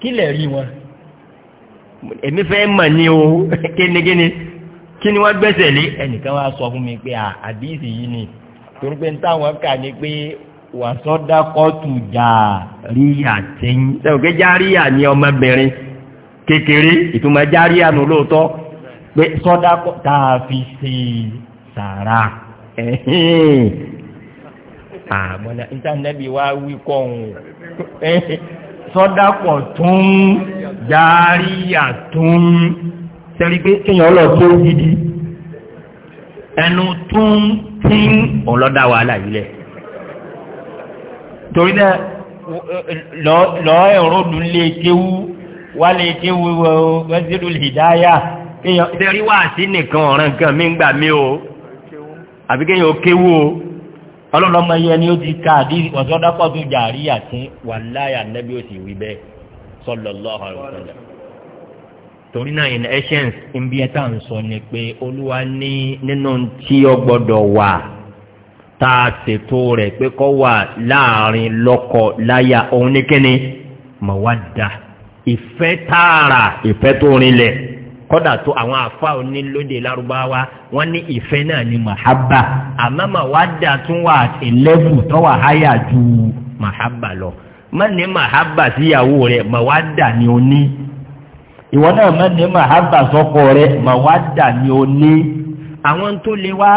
kí lè rí wọn èmi fẹ́ mọ̀ ní o kínníkínní kí ni wọ́n gbẹ́sẹ̀ lé ẹnìkan wá sọ fún mi pé àdìsí yìí ni torí pé táwọn kà ní pé wàsọ́dá kọ́tù jà ríyà tẹ́yìn sẹ́wọ̀n pé járíyà ni ọmọbìnrin kékeré ìtumọ̀ járíyà nù lóòótọ́ pé sọ́dá tá a fi ṣe é sàárà àmọ́nà ìtànẹ́bí wa wí kọ́hún sọ́dápọ̀ tún járíyà tún sẹ́rí pé kéèyàn lọ tó gidi ẹnu tún tí ọlọ́dà wàhálà yìí lẹ̀ torí náà lọ ẹ̀rọ dùn lè kéwú wà lè kéwú wẹ́sídùú lè dáyà sẹ́rí wà sí nìkan ọ̀ràn kan mí ń gbà mí o àbí kéèyàn ó kéwú o ọlọ́run ọmọ yẹn ni ó ti ka àdí ọ̀sọ́dọ́pọ̀ tó jà rí àti wàláyà nẹ́bí ó sì wí bẹ́ẹ̀ sallallahu alaihi wasallam torí náà in essence nbí ẹ tá à ń sọ ni pé olúwa ní nínú tí ó gbọ́dọ̀ wà tá a ṣètò rẹ̀ pé kó wà láàrin lọ́kọ láya òun ní kíni mawadda ìfẹ́ tààrà ìfẹ́ tó rinlẹ̀ kọ́dà tó àwọn àfa òní lóde lárúbáwá wọ́n ní ìfẹ́ náà ní mahaba àmọ́ màwádà tún wà ẹlẹ́fù tó wà háyà ju mahaba lọ má ní mahaba síyàwó rẹ̀ màwádà ni ó ní ìwọ náà má ní mahaba sọ́kọ rẹ̀ màwádà ni ó ní àwọn tó lè wá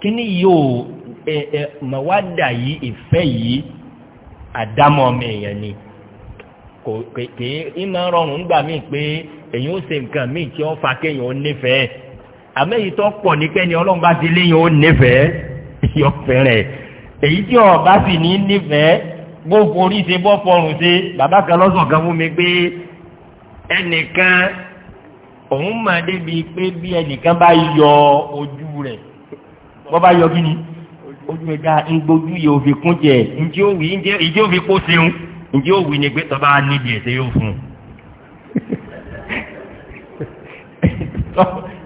kíní yóò màwádà yìí ìfẹ́ yìí àdámọ́ ọmọ èèyàn ni kò kìí ìmọ̀ rọrùn gbà mí pé èyí ó ṣe nǹkan míì tí ó fa kéèyàn ó nífẹ̀ẹ́ àmẹ́yìí tó pọ̀ ní kẹ́ni ọlọ́run bá ti léyìn ó nífẹ̀ẹ́ [laughs] yọ fẹ́rẹ̀ èyí tí ọ̀ bá sì ní nífẹ̀ẹ́ gbogbo orí ṣe bọ́ fọrùn ṣe bàbá kan lọ́sàn kan fún mi pé ẹnìkan òun mà débi pé bí ẹnìkan bá yọ ojú rẹ̀ wọ́n bá yọ kí ni ojú ẹ̀dá ń gbójú yìí òfin kún jẹ ǹjẹ́ òwì ǹjẹ́ ìjẹ́ òfin kó ṣeun ǹjẹ́ ó wí ni pé tọ́ba níbi ẹ̀sẹ̀ yóò fún un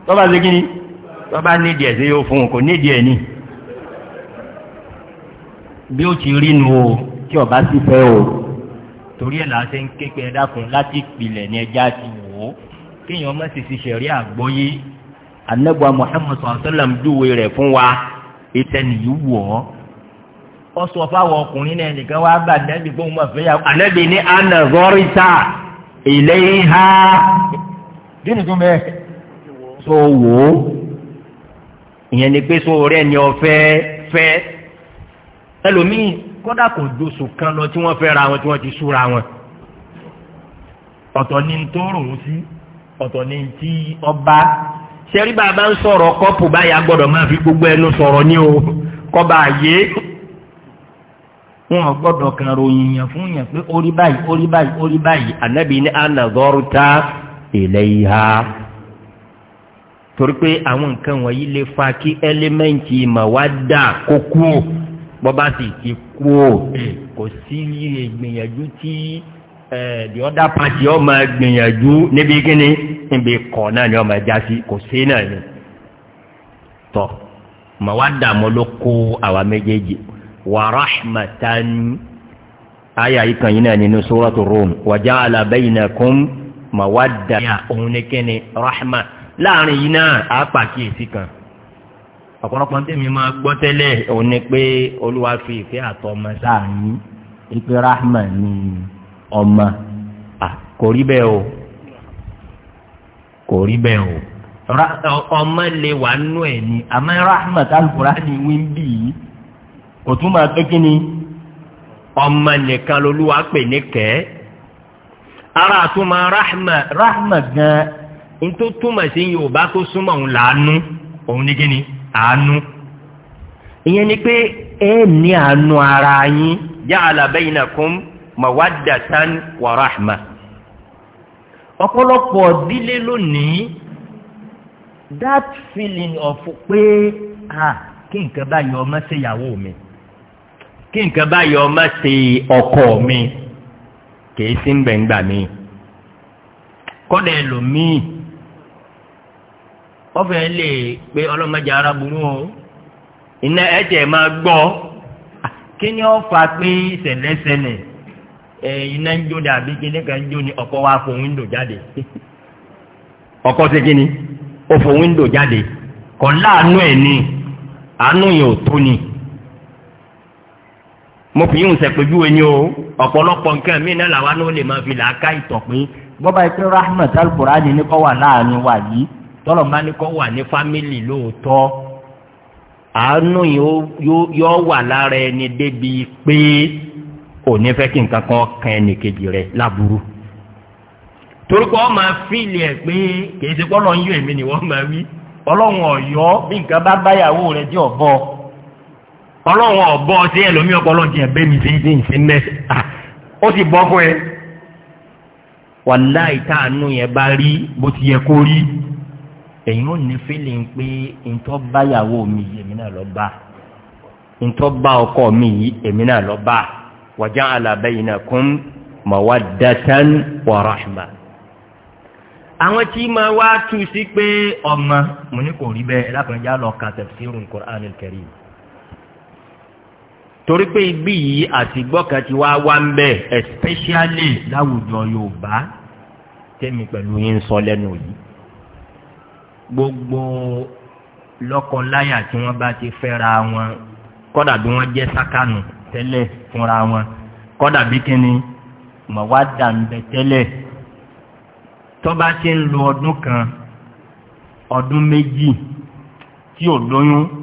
tọ́ba ṣe kí ni tọ́ba níbi ẹ̀sẹ̀ yóò fún un kò níbi ẹ̀ ni bí ó ti rí nu o tí ọba sì fẹ́ o torí ẹ̀ là ń ṣe ń ké pé ẹ dákun láti ìpìlẹ̀ ni ẹja ti wò ó kéèyàn má sì ti ṣẹ̀rí àgbọ́yé anagba muhammed sallam dùwẹ̀ rẹ̀ fún wa ìtẹ̀nìyí wọ̀ ọ́ ọsọ fáwọn ọkùnrin náà nìkan wá bá nẹ́bí gbóhùn mọ̀ fẹ́ yàwó. ànẹ́bí ní anna zọ́rìtà ilé ha. kí ni tún bẹ́ẹ̀. wò ó ìyẹn ni pé so rẹ ni ọ̀fẹ́ fẹ́ ẹlòmíì kódà kò dosò kan lọ tí wọ́n fẹ́ ra wọn tí wọ́n ti súra wọn. ọ̀tọ̀ ni tó rò ó sí ọ̀tọ̀ ni ti ọba ṣẹ́rí bàbá ń sọ̀rọ̀ kọ́pù báyà gbọ́dọ̀ máa fi gbogbo ẹnu sọ̀rọ̀ ní o kọ́ba àyè wọn gbọdọ kan ròyìn yẹn fún yẹn pé orí báyìí orí báyìí orí báyìí ànábì ní ànàzọ́rùtà ilẹ̀ ìhà torí pé àwọn nǹkan wọ̀nyí lè fa kí ẹlẹ́mẹ̀ǹtì màwádà kó kú ò bọ́bá sì ti kú ò kò sí ìgbìyànjú tí the other party ọmọ gbìyànjú níbi kíni níbi kọ̀ náà ni ọmọ ẹja sí kò sí náà ni tọ́ mọ́ ló kó àwa méjèèjì warahmatan aya yìí kan yìí náà nínú sóràtò rom wàjáàlà bainakum mawadda òun oh, ní kíni rahma láàrin yìí náà á pàkíyèsí kan ọ̀pọ̀lọpọ̀ tèmi máa gbọ́ tẹ́lẹ̀ òun ni pé olúwa fi ìfẹ́ àtọmọ sáàrin ìpè rahma ni ọmọ ah, kò rí bẹ́ẹ̀ o kò rí bẹ́ẹ̀ o ọmọ lè wà nú ẹ̀ ni àmọ́ rahma tálùkùrá ni wíńbì yìí. kò tún máa pé kí ni ọmọ nìkan lolúwa ara àtúmọ̀ rahma rahma gan n tó túmọ̀ sí yorùbá tó súnmọ́ òun làánú òun ní kí ni àánú ìyẹn ni pé ẹ ní àánú ara yín wa rahma ọ̀pọ̀lọpọ̀ dílé lónìí that feeling of pé ah kí nǹkan ọmọ kí nǹkan báyọ̀ má ṣe ọkọ mi kìí sí ń bẹ̀ǹgbà mi kọ́dà ẹlòmíì ọ̀fẹ́ lè pé ọlọ́mọdé ara o iná ẹ̀jẹ̀ máa gbọ́ kí ni ó fa pé ṣẹlẹ̀ṣẹlẹ̀ ẹ̀ iná ń jó dàbí kíní kan jó ni ọkọ wa fò wíńdò jáde ọkọ ṣe ni ó fò wíńdò jáde láàánú ẹ̀ ni àánú yẹn ò ni. mo fi yín sẹ̀pẹ̀júwe ni o ọ̀pọ̀lọpọ̀ nǹkan mí náà làwa náà lè máa fi làákà ìtọ̀pín. bọ́bá ẹ pé rahmat alukurani ní kọ́ wà láàrin wa yìí tọ́lọ̀mbá ní kọ́ wà ní fámìlì lóòótọ́ àánú yóò wà lára ẹni débi pé òní fẹ́ kí nǹkan kan kan ẹnì kejì rẹ̀ láburú. torúkọ ọmọ fíìlì ẹ pé kì í ṣe kọ́ lọ́n yọ èmi ni wọ́n máa wí ọlọ́run ọ̀yọ́ bí nǹkan bá báyàwó rẹ̀ jẹ́ ọ̀bọ ọlọ́run ọ̀bọ ọtí ẹlòmí ọpọlọ ti ẹ̀bẹ́ mi sí sí ìsinmẹ́ ó ti bọ́ fún ẹ. wàláì táànù yẹn bá rí bó ti yẹ kó rí ẹ̀yin ò ní fílì ń pé ntọ́ báyàwó mi yìí èmi náà lọ bá ntọ́ bá ọkọ mi èmi náà lọ bá wàjà alábẹ́yìn náà kún mawaddatan wa rahma àwọn tí ma wá tú sí pé ọmọ mo ní kò rí bẹ́ẹ̀ lápẹ̀já lọ kà tafsirul Qur'anil Karim torí pé ibi yìí àti gbọ́kàn ti wá wá ń bẹ̀ especially láwùjọ yorùbá tẹ́mi pẹ̀lú yín ń sọ lẹ́nu yìí gbogbo lọ́kọ-láyà tí wọ́n bá ti fẹ́ra wọn kọ́dà bí wọ́n jẹ́ sákànù tẹ́lẹ̀ fúnra wọn kọ́dà bí kíni mọ̀wádà ń bẹ tẹ́lẹ̀ tọ́ba ti ń lo ọdún kan ọdún méjì tí ò lóyún